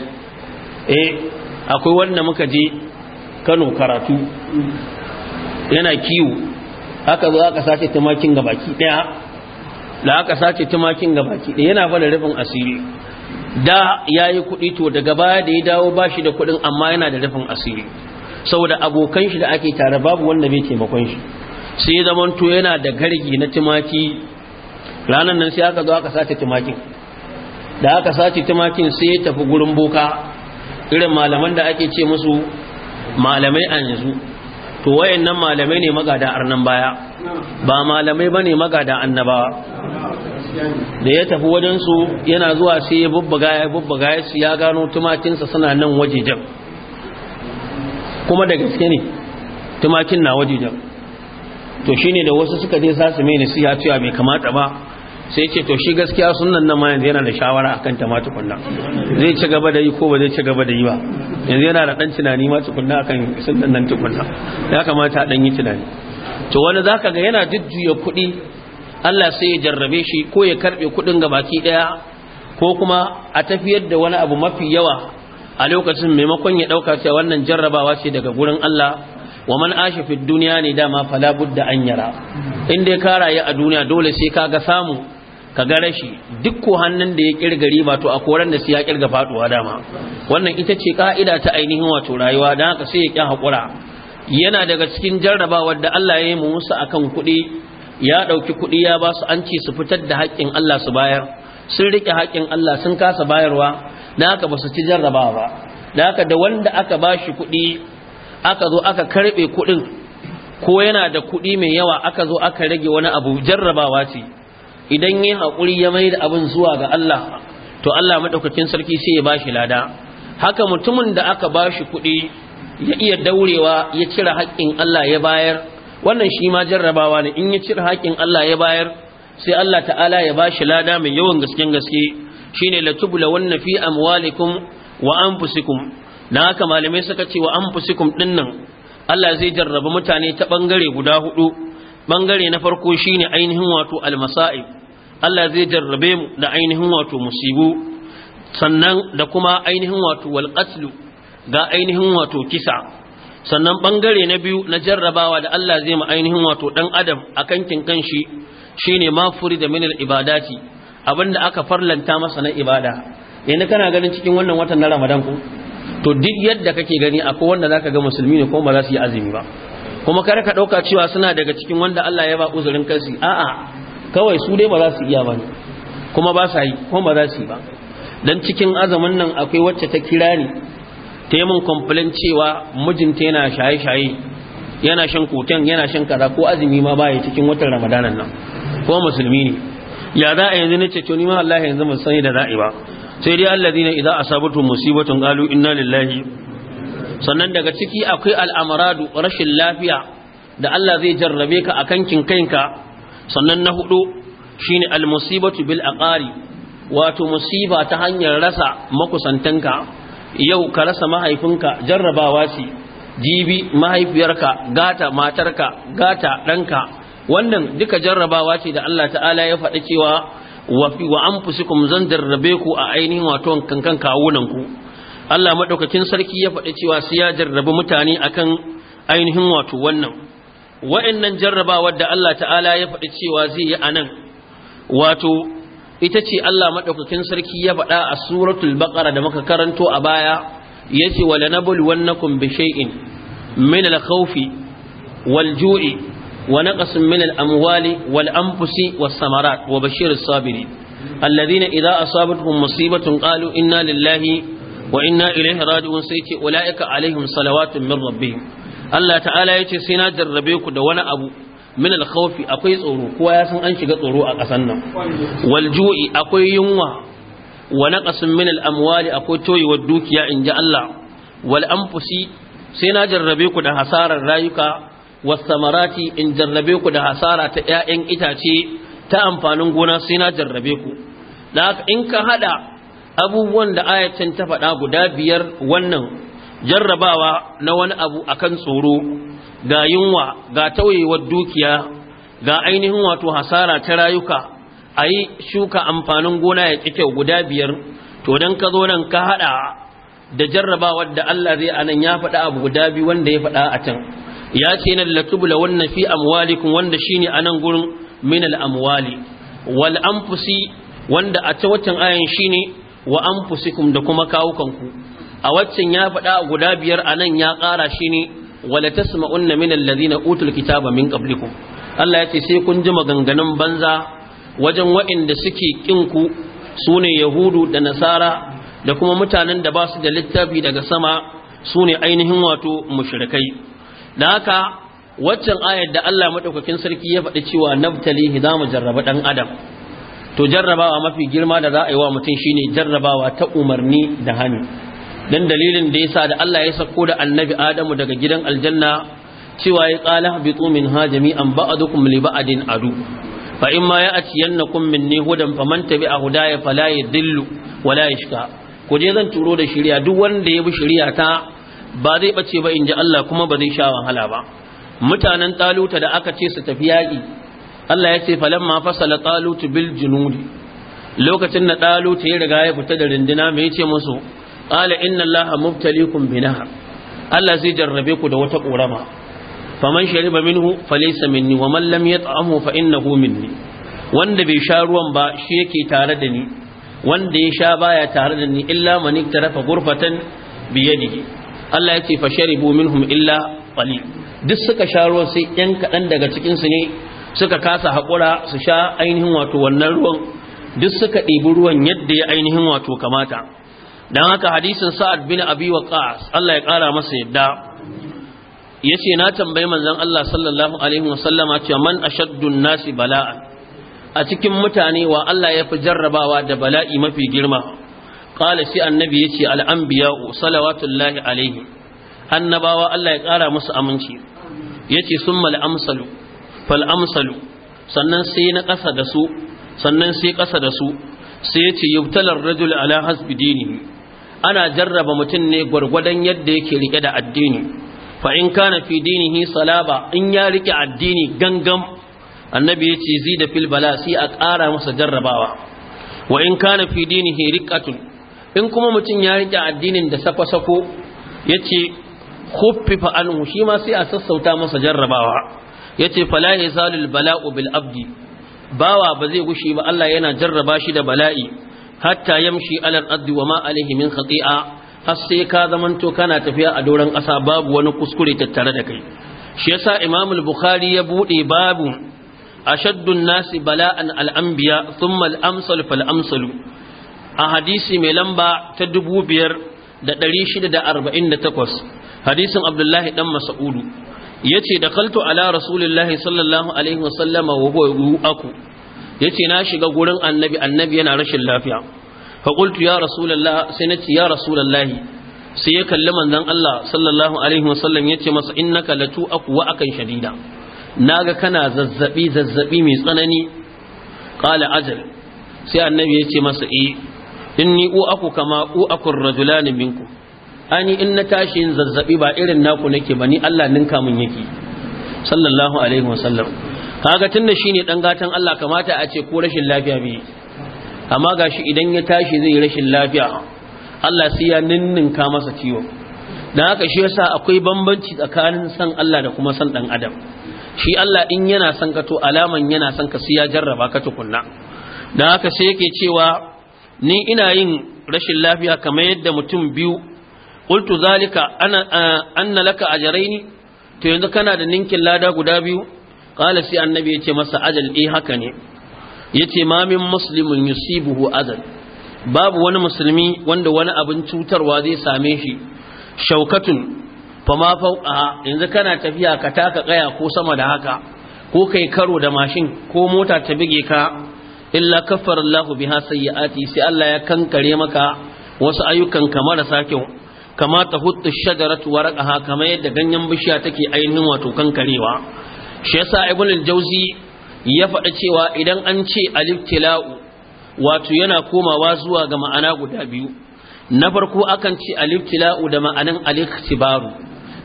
eh akwai wanda muka je kano karatu yana kiwo Haka zo aka sace tumakin gabaki daya da aka sace tumakin gabaki daya yana bada rufin asiri da ya yi kuɗi to daga baya da ya dawo ba shi da kuɗin amma yana da rufin asiri saboda abokan shi da ake tare babu wanda bai taimakon shi sai zaman to yana da gargi na tumaki ranar nan sai aka zo aka sace tumakin da aka sace tumakin sai ya tafi gurin boka irin malaman da ake ce musu malamai a yanzu to wayannan malamai ne magada arnan baya ba malamai bane magada annabawa da ya tafi wajen su yana zuwa sai ya bubbuga ya bubbuga ya ya gano tumakinsa suna nan wajejen kuma da gaske ne tumakin na wajejen to shine da wasu suka je sasu mai nasiha cewa bai kamata ba sai ce to shi gaskiya sunan nan ma yanzu yana da shawara akan ta ma kunna zai ci gaba da yi ko ba zai ci gaba da yi ba yanzu yana da dan tunani ma tukunna akan sunan nan kunna ya kamata a dan yi tunani to wani zaka ga yana jujjuya kuɗi Allah sai ya jarrabe shi ko ya karbe kuɗin ga baki daya ko kuma a tafiyar da wani abu mafi yawa a lokacin maimakon ya dauka cewa wannan jarrabawa ce daga gurin Allah wa man ashi fi duniya ne dama fala budda an yara in dai ka rayu a duniya dole sai ka ga samu ka ga rashi duk ko hannun da ya kirga riba to a koran da sai ya kirga faduwa dama wannan ita ce ka'ida ta ainihin wato rayuwa dan haka sai ya kyan hakura yana daga cikin jarrabawar da Allah ya yi mu musu akan kuɗi ya ɗauki kuɗi ya ba su an ce su fitar da haƙƙin Allah su bayar sun rike haƙƙin Allah sun kasa bayarwa dan haka ba su ci jarrabawa ba dan haka da wanda aka ba shi kuɗi aka zo aka karɓe kuɗin ko yana da kuɗi mai yawa aka zo aka rage wani abu jarrabawa ce idan yi haƙuri ya mai da abin zuwa ga Allah to Allah maɗaukakin sarki sai ya ba shi lada haka mutumin da aka ba shi kuɗi ya iya daurewa ya cire haƙƙin Allah ya bayar wannan shi ma jarrabawa ne in ya cire haƙƙin Allah ya bayar sai Allah ta'ala ya ba shi lada mai yawan gasken gaske shine latubla wanna fi amwalikum wa anfusikum na haka malamai suka ce wa anfusikum ɗinnan. Allah zai jarraba mutane ta bangare guda hudu bangare na farko shine ainihin wato almasa'ib Allah zai jarrabe mu da ainihin wato musibu sannan da kuma ainihin wato walqatlu da ainihin wato kisa sannan bangare na biyu na jarrabawa da Allah zai mu ainihin wato dan adam akan kan shi shine ma da min ibadati abinda aka farlanta masa na ibada yanzu kana ganin cikin wannan watan na Ramadan ko to duk yadda kake gani akwai wanda zaka ga musulmi ne ko ba za su yi azumi ba kuma kar ka ɗauka cewa suna daga cikin wanda Allah ya ba uzurin kansu a'a kawai su dai ba za su iya ba ne kuma ba sa yi kuma ba za su yi ba dan cikin azumin nan akwai wacce ta kira ni ta yi min complain cewa mijinta yana shaye-shaye yana shan koken yana shan kaza ko azumi ma ya cikin watan ramadanan nan ko musulmi ne ya za a yanzu na to ni ma Allah yanzu mun sani da za'i ba sai dai alladina idza asabatu musibatun qalu inna lillahi sannan daga ciki akwai al'amuradu rashin lafiya da Allah zai jarrabe ka a kankin kanka sannan na hudu shine almusibatu bil aqari wato musiba ta hanyar rasa makusantanka yau ka rasa mahaifinka jarrabawa ce jibi mahaifiyarka gata matarka gata ɗanka wannan duka jarrabawa ce da Allah ta'ala ya faɗi cewa wa anfusikum zan jarrabe ku a ainihin wato kankan kawunanku Allah maɗaukakin sarki ya faɗi cewa su ya jarrabi mutane akan ainihin wato wannan wa'annan jarrabawar da Allah ta'ala ya faɗi cewa zai yi nan, wato ita ce Allah maɗaukakin sarki ya faɗa a suratul baqara da muka karanto a baya yace wala nabluwannakum bi shay'in min al-khawfi wal-ju'i wa naqsin min al-amwali wal-anfusi was-samarat wa bashir as-sabirin alladhina idha asabatuhum musibatan qalu inna lillahi wa inna ilaihi raji'un sai ce ulaika alaihim salawatun min rabbihim Allah ta'ala yace sai na jarrabe ku da wani abu min alkhawfi akwai tsoro kowa ya san an shiga tsoro a ƙasan nan wal ju'i akwai yunwa wa naqasun min al amwali akwai toyewar dukiya inji Allah wal anfusi sai na jarrabe ku da hasarar rayuka was samarati in jarrabe ku da hasara ta ƴaƴan itace ta amfanin gona sai na jarrabe ku da in ka hada abubuwan da ayatan ta faɗa guda biyar wannan jarrabawa na wani abu a kan tsoro ga yunwa ga tauyewar dukiya ga ainihin wato hasara ta rayuka a yi shuka amfanin gona ya kyau guda biyar to don ka zo nan ka haɗa da jarrabawar da Allah zai anan ya faɗa abu guda biyu wanda ya faɗa a can ya ce nan latubula wannan fi amwalikum wanda shine anan gurin min al amwali wal anfusi wanda a ta watan ayan shine wa anfusikum da kuma kawukan ku a waccan ya faɗa guda biyar a nan ya ƙara shi ne wala tasma'unna min alladhina utul kitaba min qablikum Allah ya ce sai kun ji maganganun banza wajen waɗanda suke ƙin ku sune yahudu da nasara da kuma mutanen da ba su da littafi daga sama sune ainihin wato mushrikai da haka waccan ayar da Allah madaukakin sarki ya faɗi cewa nabtali hidamu jarraba ɗan adam to jarrabawa mafi girma da za a yi wa mutum shine jarrabawa ta umarni da hani dan dalilin da yasa da Allah ya sako da annabi Adamu daga gidan aljanna cewa ya qala bitu ha jami'an ba'dukum li ba'din adu fa imma ya'tiyannakum minni hudan faman tabi'a hudaya fala yadillu wala yashqa ko je zan turo da shari'a duk wanda ya bi shari'a ta ba zai bace ba inji Allah kuma ba zai sha wahala ba mutanen taluta da aka ce su tafi yaƙi Allah ya ce falamma fasala talut bil junud lokacin da talut ya riga ya fita da rindina me yace musu qala inna allaha mubtaliikum binahar Allah zai jarrabe ku da wata korama faman shariba minhu falaysa minni wa man lam yat'amhu fa innahu minni wanda bai sha ruwan ba shi yake tare da ni wanda ya sha baya tare da ni illa man iktarafa ghurfatan bi yadihi Allah yace fa sharibu minhum illa qalil duk suka sha ruwan sai yan kadan daga cikin su ne suka kasa hakura su sha ainihin wato wannan ruwan duk suka ɗibi ruwan yadda ya ainihin wato kamata don haka hadisin sa'ad bin abi waqas Allah ya ƙara masa yadda ya ce na tambayi manzan Allah sallallahu alaihi wasallama cewa man shaddun nasi bala'an a cikin mutane wa Allah ya fi jarrabawa da bala'i mafi girma ƙala shi annabi ya ce al'ambiya'u salawatullahi alaihi annabawa Allah ya ƙara musu aminci ya ce sun fal amsalu sannan sai na ƙasa da su sannan sai ƙasa da su sai ya ce yubtalar rajul ala hasbi dini ana jarraba mutum ne gwargwadon yadda yake rike da addini fa in kana fi dinihi salaba in ya rike addini gangam annabi ya ce zida fil bala sai a ƙara masa jarrabawa wa in kana fi dinihi riqatun in kuma mutum ya rike addinin da sako sako yace khuffifa anhu shi ma sai a sassauta masa jarrabawa yace fala yazalul bala'u bil abdi bawa ba zai gushi ba Allah yana jarraba shi da bala'i hatta yamshi alal ardi wa ma alaihi min khati'a har sai ka zamanto kana tafiya a doron ƙasa babu wani kuskure tattare da kai shi yasa Imam al-Bukhari ya bude babu ashaddun nasi bala'an al-anbiya thumma al-amsal fal amsalu a hadisi mai lamba ta 5648 hadisin Abdullahi dan Mas'udu yace da kaltu ala rasulillahi sallallahu alaihi wasallama wa huwa yu'aku yace na shiga gurin annabi annabi yana rashin lafiya fa qultu ya rasulullah sai nace ya rasulullah sai ya kalli manzon Allah sallallahu alaihi wasallam yace masa innaka latu aku wa akan shadida naga kana zazzabi zazzabi mai tsanani qala ajal sai annabi yace masa eh inni u aku kama u akur rajulani minkum ani in na tashi yin zazzabi ba irin naku nake ba ni Allah ninka mun yake sallallahu alaihi sallam kaga tunda shine dan gatan Allah kamata a ce ko rashin lafiya bi amma gashi idan ya tashi zai rashin lafiya Allah sai ya ninninka masa ciwo dan haka shi yasa akwai bambanci tsakanin san Allah da kuma san dan adam shi Allah in yana son ka to alaman yana san ka sai ya jarraba ka tukunna dan haka sai yake cewa ni ina yin rashin lafiya kamar yadda mutum biyu qultu zalika ana anna laka ajraini to yanzu kana da ninkin lada guda biyu qala si annabi yace masa ajal eh haka ne yace ma min muslimin yusibuhu azal babu wani musulmi wanda wani abin cutarwa zai same shi shaukatun fama fauka yanzu kana tafiya ka taka kaya ko sama da haka ko kai karo da mashin ko mota ta bige ka illa kaffara Allah biha Ati sai Allah ya kankare maka wasu ayyukan ka marasa kyau kama ta hutu shajaratu waraqaha kama yadda ganyen bishiya take ainihin wato kankarewa shi yasa ibn al-jawzi ya faɗa cewa idan an ce alibtila'u wato yana komawa zuwa ga ma'ana guda biyu na farko akan ce alibtila'u da ma'anan aliktibaru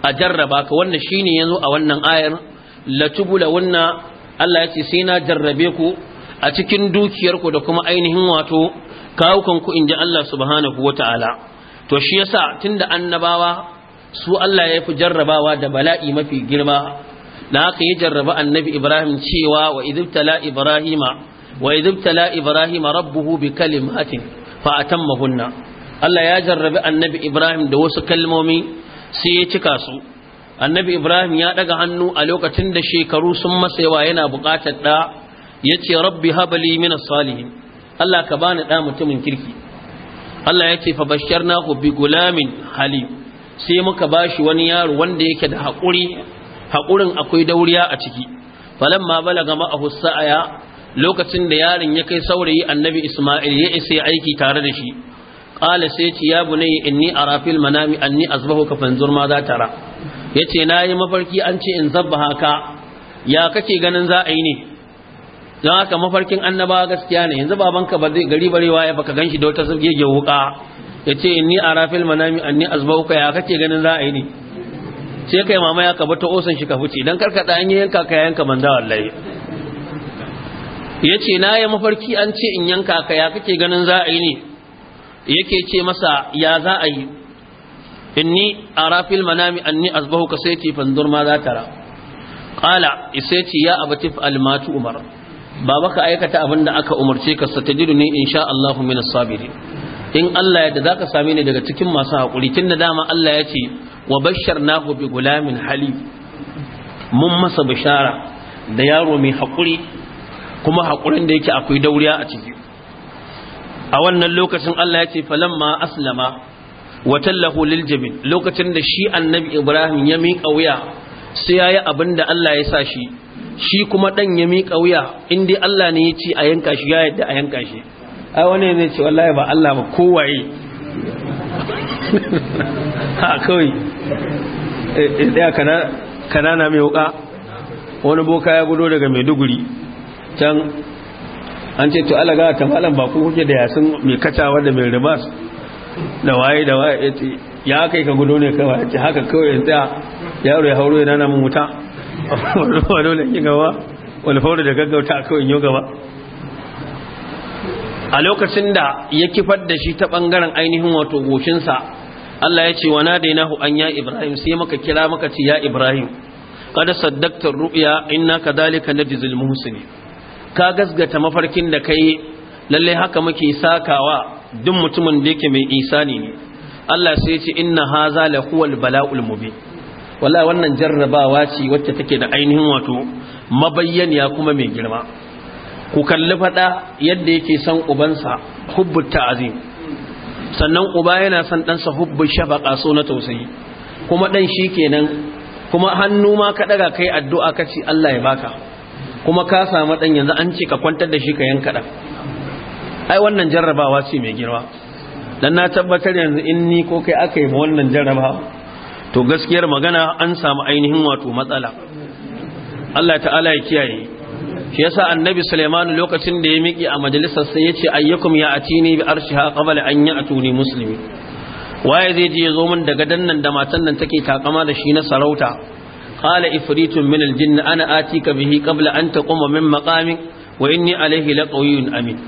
a jarraba ka wannan shine yanzu a wannan ayar latubula wannan Allah ya ce sai na jarrabe ku a cikin dukiyarku da kuma ainihin wato kawukan in ji Allah subhanahu wata'ala to shi yasa tunda annabawa su Allah ya fi jarrabawa da bala'i mafi girma na haka ya jarraba annabi Ibrahim cewa wa idibtala Ibrahima wa idibtala rabbuhu bi kalimatin fa atammahunna Allah ya jarrabi annabi Ibrahim da wasu kalmomi sai ya cika su annabi Ibrahim ya daga hannu a lokacin da shekaru sun masa yawa yana buƙatar da ce rabbi habali min salihin Allah ka bani da mutumin kirki Allah ya ce fa basharnahu bi gulamin hali. sai muka bashi wani yaro wanda yake da haƙuri haƙurin akwai dauriya a ciki ma falan bala balaga ma'ahu sa'aya lokacin da yaron ya kai saurayi annabi Isma'il ya isa aiki tare da shi ƙala sai ce ya bunayya inni a rafil manami anni ka fanzur ma za tara yace nayi mafarki an ce in zabba haka. ya kake ganin za a yi ne don haka mafarkin annabawa gaskiya ne yanzu babanka ba zai gari barewa ya baka ganshi da wata sabgege wuka ya ce ni a rafil manami anni azbauka ya kake ganin za a yi ne sai kai mama ya kaba ta osan shi ka fice dan karka da an yanka ka yanka manza wallahi yace na yi mafarki an ce in yanka ka ya kake ganin za a yi ne yake ce masa ya za a yi inni a rafil manami anni azbauka sai ce fandur ma za ta ra qala isai ce ya abati fa ma tu umar baba ka aikata abin da aka umarce ka satajidu ne insha Allahu min as in Allah ya da zaka sami ni daga cikin masu hakuri da dama Allah ya ce wa basharnahu bi gulamin hali mun masa bishara da yaro mai haƙuri kuma hakurin da yake akwai dauriya a ciki a wannan lokacin Allah ya ce falamma aslama wa tallahu lil jabin lokacin da shi annabi Ibrahim ya miƙa wuya sai ya yi abin da Allah ya sa shi shi kuma ɗan ya miƙa wuya inda Allah ne ya ci a yanka shi ya yadda a yanka shi a wani ne ce wallahi ba Allah ba kowaye *laughs* ha kawai ɗaya eh, eh, kanana mai wuka wani boka ya gudo daga maiduguri can an ce to alaga ta malam ba ku kuke da yasin mai kacawa da mai ribas da waye da waye ya kai ka gudu ne kawai ce haka kawai ya tsaya yaro ya hauro yana namun wuta *laughs* wani wani yi gaba wani da gaggauta kawai gaba a lokacin da ya kifar da shi ta bangaren ainihin wato goshinsa Allah ya ce wana da yanahu an ya Ibrahim sai maka kira maka ce ya Ibrahim kada saddaktar ru'ya inna na najzil ne. ka gasgata mafarkin da kai lallai haka muke sakawa duk mutumin da yake mai isani ne Allah sai ya ce inna haza la huwal bala'ul mubin wallahi wannan jarrabawa ce wacce take da ainihin wato mabayyaniya kuma mai girma ku kalli fada yadda yake san ubansa hubbu ta'azim sannan uba yana son ɗansa hubbu shafaqa so na tausayi kuma dan kenan kuma hannu ma ka daga kai addu'a ka ce Allah ya baka kuma ka samu dan yanzu an ce ka kwantar da shi ka yanka dan ai wannan jarrabawa ce mai girma dan na tabbatar yanzu in ni ko kai aka yi ma wannan jaraba to gaskiyar magana an samu ainihin wato matsala Allah ta'ala ya kiyaye shi yasa annabi Sulaiman lokacin da ya miki a majalisar sai yace ayyukum ya atini bi arshiha qabla an ya'tuni muslimi waye zai je zo min daga dannan da matan nan take takama da shi na sarauta qala ifritun min aljinn ana atika bihi qabla an taquma min maqami wa inni alayhi laqawiyyun amin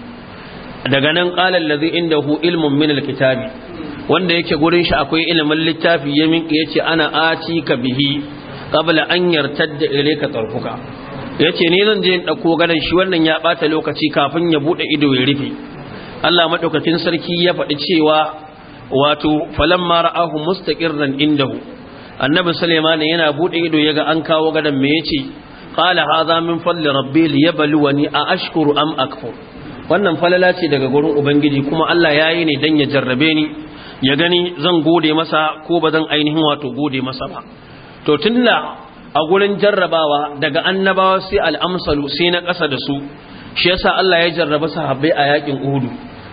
daga nan qala allazi indahu ilmun min alkitabi wanda yake gurin shi akwai ilimin littafi ya minki yace ana aci ka bihi qabla an yartadda ilayka tarfuka yace ni zan je in dauko gadan shi wannan ya bata lokaci kafin ya bude ido ya rufe Allah madaukakin sarki ya faɗi cewa wato falamma ra'ahu mustaqirran indahu annabi sulaiman yana bude ido yaga an kawo gadan me yace qala hadha min fadli rabbi liyabluwani a ashkuru am akfur wannan falala ce daga gurin ubangiji kuma Allah ya yi ne dan ya jarrabe ni ya gani zan gode masa ko ba zan ainihin wato gode masa ba to tunda a gurin jarrabawa daga annabawa sai al'amsalu sai na ƙasa da su shi yasa Allah ya jarraba sahabbai a yakin Uhudu.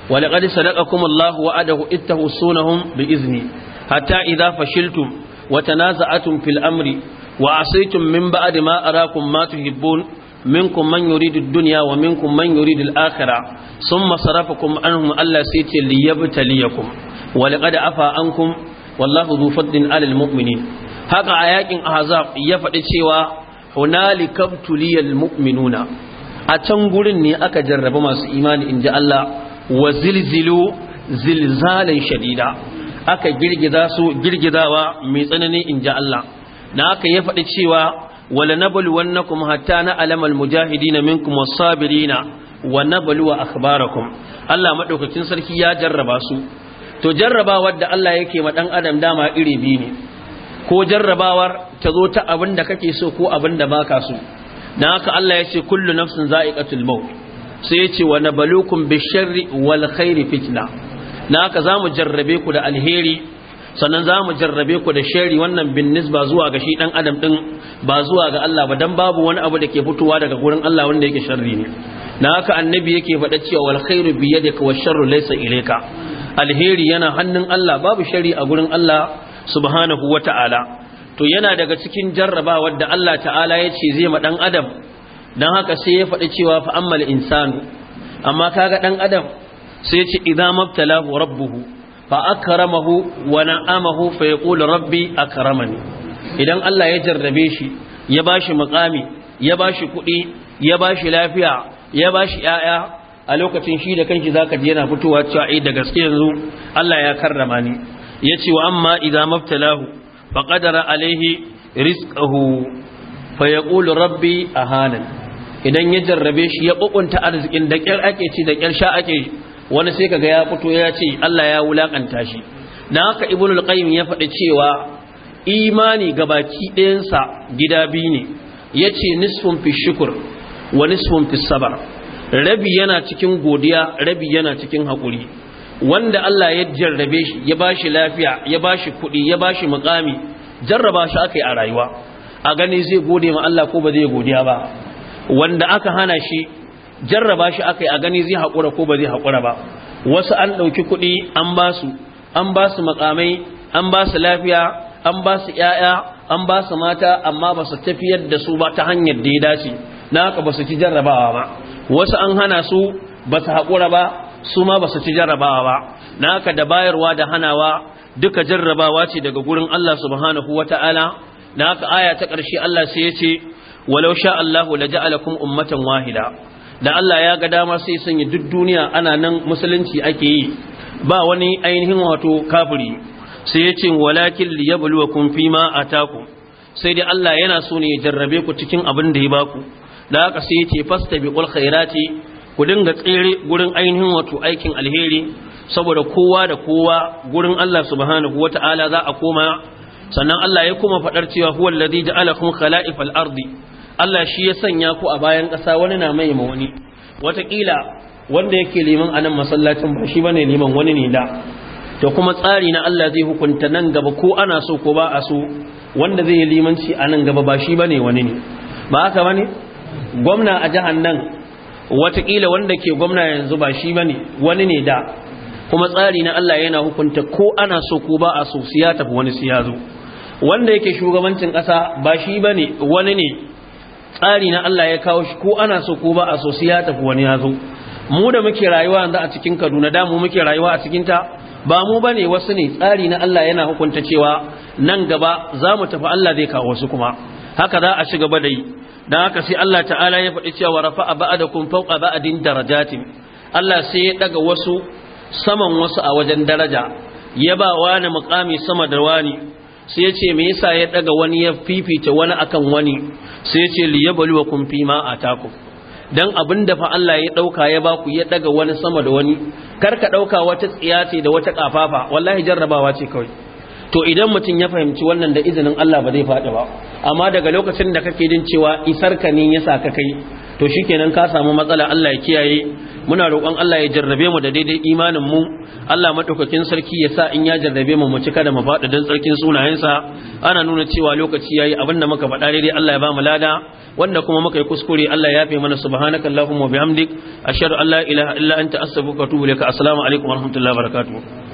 wa laqad sadaqakum Allahu wa'adahu ittahusunahum bi izni hatta idza fashiltum wa tanaza'atum fil amri wa asaytum min ba'di ma arakum ma tuhibbun minkum man yuridu dunya wa minku man yuridu al-akhirah thumma sarafakum anhum Allah sai ce liyabtaliyakum wa laqad afa ankum wallahu dhu fadlin 'alal mu'minin haka a yakin ahzab ya faɗi cewa hunalika mu'minuna a can gurin ne aka jarraba masu imani inji Allah wa zilzilu zilzalan shadida aka girgiza su girgizawa mai tsanani inji Allah na aka ya faɗi cewa wala nabluwannakum hatta na'lamu almujahidina minkum was-sabirina wa nabluwa akhbarakum Allah maɗaukacin sarki ya jarraba su to jarrabawar da Allah yake ma dan adam dama iri biyu ne ko jarrabawar ta zo ta abin da kake so ko abin da baka su? dan haka Allah ya ce kullu nafsin za'iqatul maut sai ya ce wa nabluukum bish-sharri wal khairi fitna dan haka zamu jarrabe ku da alheri sannan za mu jarrabe ku da shari wannan bin nisba zuwa ga shi dan adam din ba zuwa ga Allah ba dan babu wani abu da ke fitowa daga gurin Allah wanda yake sharri ne na haka annabi yake faɗa cewa wal khairu bi yadika wash sharru laysa ilayka alheri yana hannun Allah babu shari a gurin Allah subhanahu wata'ala to yana daga cikin jarrabawar da Allah ta'ala ya ce zai ma dan adam dan haka sai ya faɗi cewa fa ammal insanu amma kaga dan adam sai ya ce idza mabtalahu rabbuhu fa akramahu wa na'amahu fa yaqulu rabbi akramani idan Allah ya jarrabe shi ya bashi muqami ya bashi kuɗi ya bashi lafiya ya bashi yaya a lokacin shi da kanki zaka ji yana fitowa cewa ai eh, da gaske yanzu Allah ya karrama ni yace wa amma idza mabtalahu fa qadara alaihi rizqahu fa yaqulu rabbi ahanan idan ya jarrabe shi ya kokunta arzikin da kyar ake ci da kyar sha ake wani sai kaga ya fito ya ce Allah ya wulakanta shi dan haka ibnu al-qayyim ya faɗi cewa imani gabaki ɗayansa gida biyu ne yace nisfun fi shukr wa nisfun fi sabar rabi yana cikin godiya rabi yana cikin haƙuri wanda Allah ya jarrabe shi ya ba shi lafiya ya ba shi kuɗi ya ba shi mukami jarraba shi aka yi a rayuwa a gani zai gode ma Allah ko ba zai godiya ba wanda aka hana shi jarraba shi aka yi a gani zai haƙura ko ba zai haƙura ba wasu an ɗauki kuɗi an ba su an ba su makamai an ba su lafiya an ba su ‘ya'ya an ba su mata amma ba su tafiyar da su ba ta hanyar da ya dace na haka ba su ci jarrabawa ba wasu an hana su ba su haƙura ba su ma ba su ci jarrabawa ba na haka da bayarwa da hanawa duka jarrabawa ce daga gurin Allah subhanahu wa ta'ala na haka aya ta ƙarshe Allah sai ya ce walau sha Allahu la ja'alakum ummatan wahida da Allah ya ga dama sai sanya duk duniya ana nan musulunci ake yi ba wani ainihin wato kafiri sai ya ce walakin ma ma taku. sai dai Allah yana so ne ya jarrabe ku cikin abin da ya baku da haka sai ya ce fastabiqul khairati ku dinga tsere gurin ainihin wato aikin alheri saboda kowa da kowa gurin Allah subhanahu wata'ala za a koma sannan Allah ya kuma faɗar cewa huwallazi ja'alakum khala'ifal ardi Allah shi ya sanya ku a bayan ƙasa wani na mai ma wani wataƙila wanda yake liman a nan masallacin ba shi bane liman wani ne da to kuma tsari na Allah zai hukunta nan gaba ko ana so ko ba a so wanda zai yi limanci a nan gaba ba shi bane wani ne ba haka bane gwamna a jihar nan watakila wanda ke gwamna yanzu ba shi bane wani ne da kuma tsari na Allah yana hukunta ko ana so ko ba a so siya tafi wani siya zo wanda yake shugabancin ƙasa ba shi bane wani ne tsari na Allah ya kawo shi ko ana so ko ba a so sai ya tafi wani ya zo mu da muke rayuwa yanzu a cikin Kaduna da mu muke rayuwa a cikin ta ba mu bane wasu ne tsari na Allah yana hukunta cewa nan gaba za mu tafi Allah zai kawo su kuma haka za a shiga gaba da yi dan haka sai Allah ta'ala ya faɗi cewa rafa'a ba'adakum fawqa ba'din darajatin Allah sai ya daga wasu saman wasu a wajen daraja ya ba wani muqami sama da wani sai ya ce me yasa ya daga wani ya fifita wani akan wani sai ya ce ma a taku. dan abin da fa Allah ya dauka ya baku ya daga wani sama da wani Kar ka dauka wata tsiyace da wata kafafa wallahi jarrabawa ce kawai to idan mutum ya fahimci wannan da izinin Allah ba zai faɗi ba amma daga lokacin da kake jin cewa isar ka ne ya sa ka kai to shikenan ka samu matsala Allah ya kiyaye muna roƙon Allah ya jarrabe mu da daidai imanin mu Allah madaukakin sarki ya sa in ya jarrabe mu mu cika da mu faɗi dan sarkin sunayensa ana nuna cewa lokaci yayi abinda muka faɗa daidai Allah ya ba mu lada wanda kuma muka yi kuskure Allah ya fi mana subhanaka allahumma wa bihamdik ashhadu an la ilaha illa anta astaghfiruka wa atubu ilaik assalamu alaikum wa rahmatullahi wa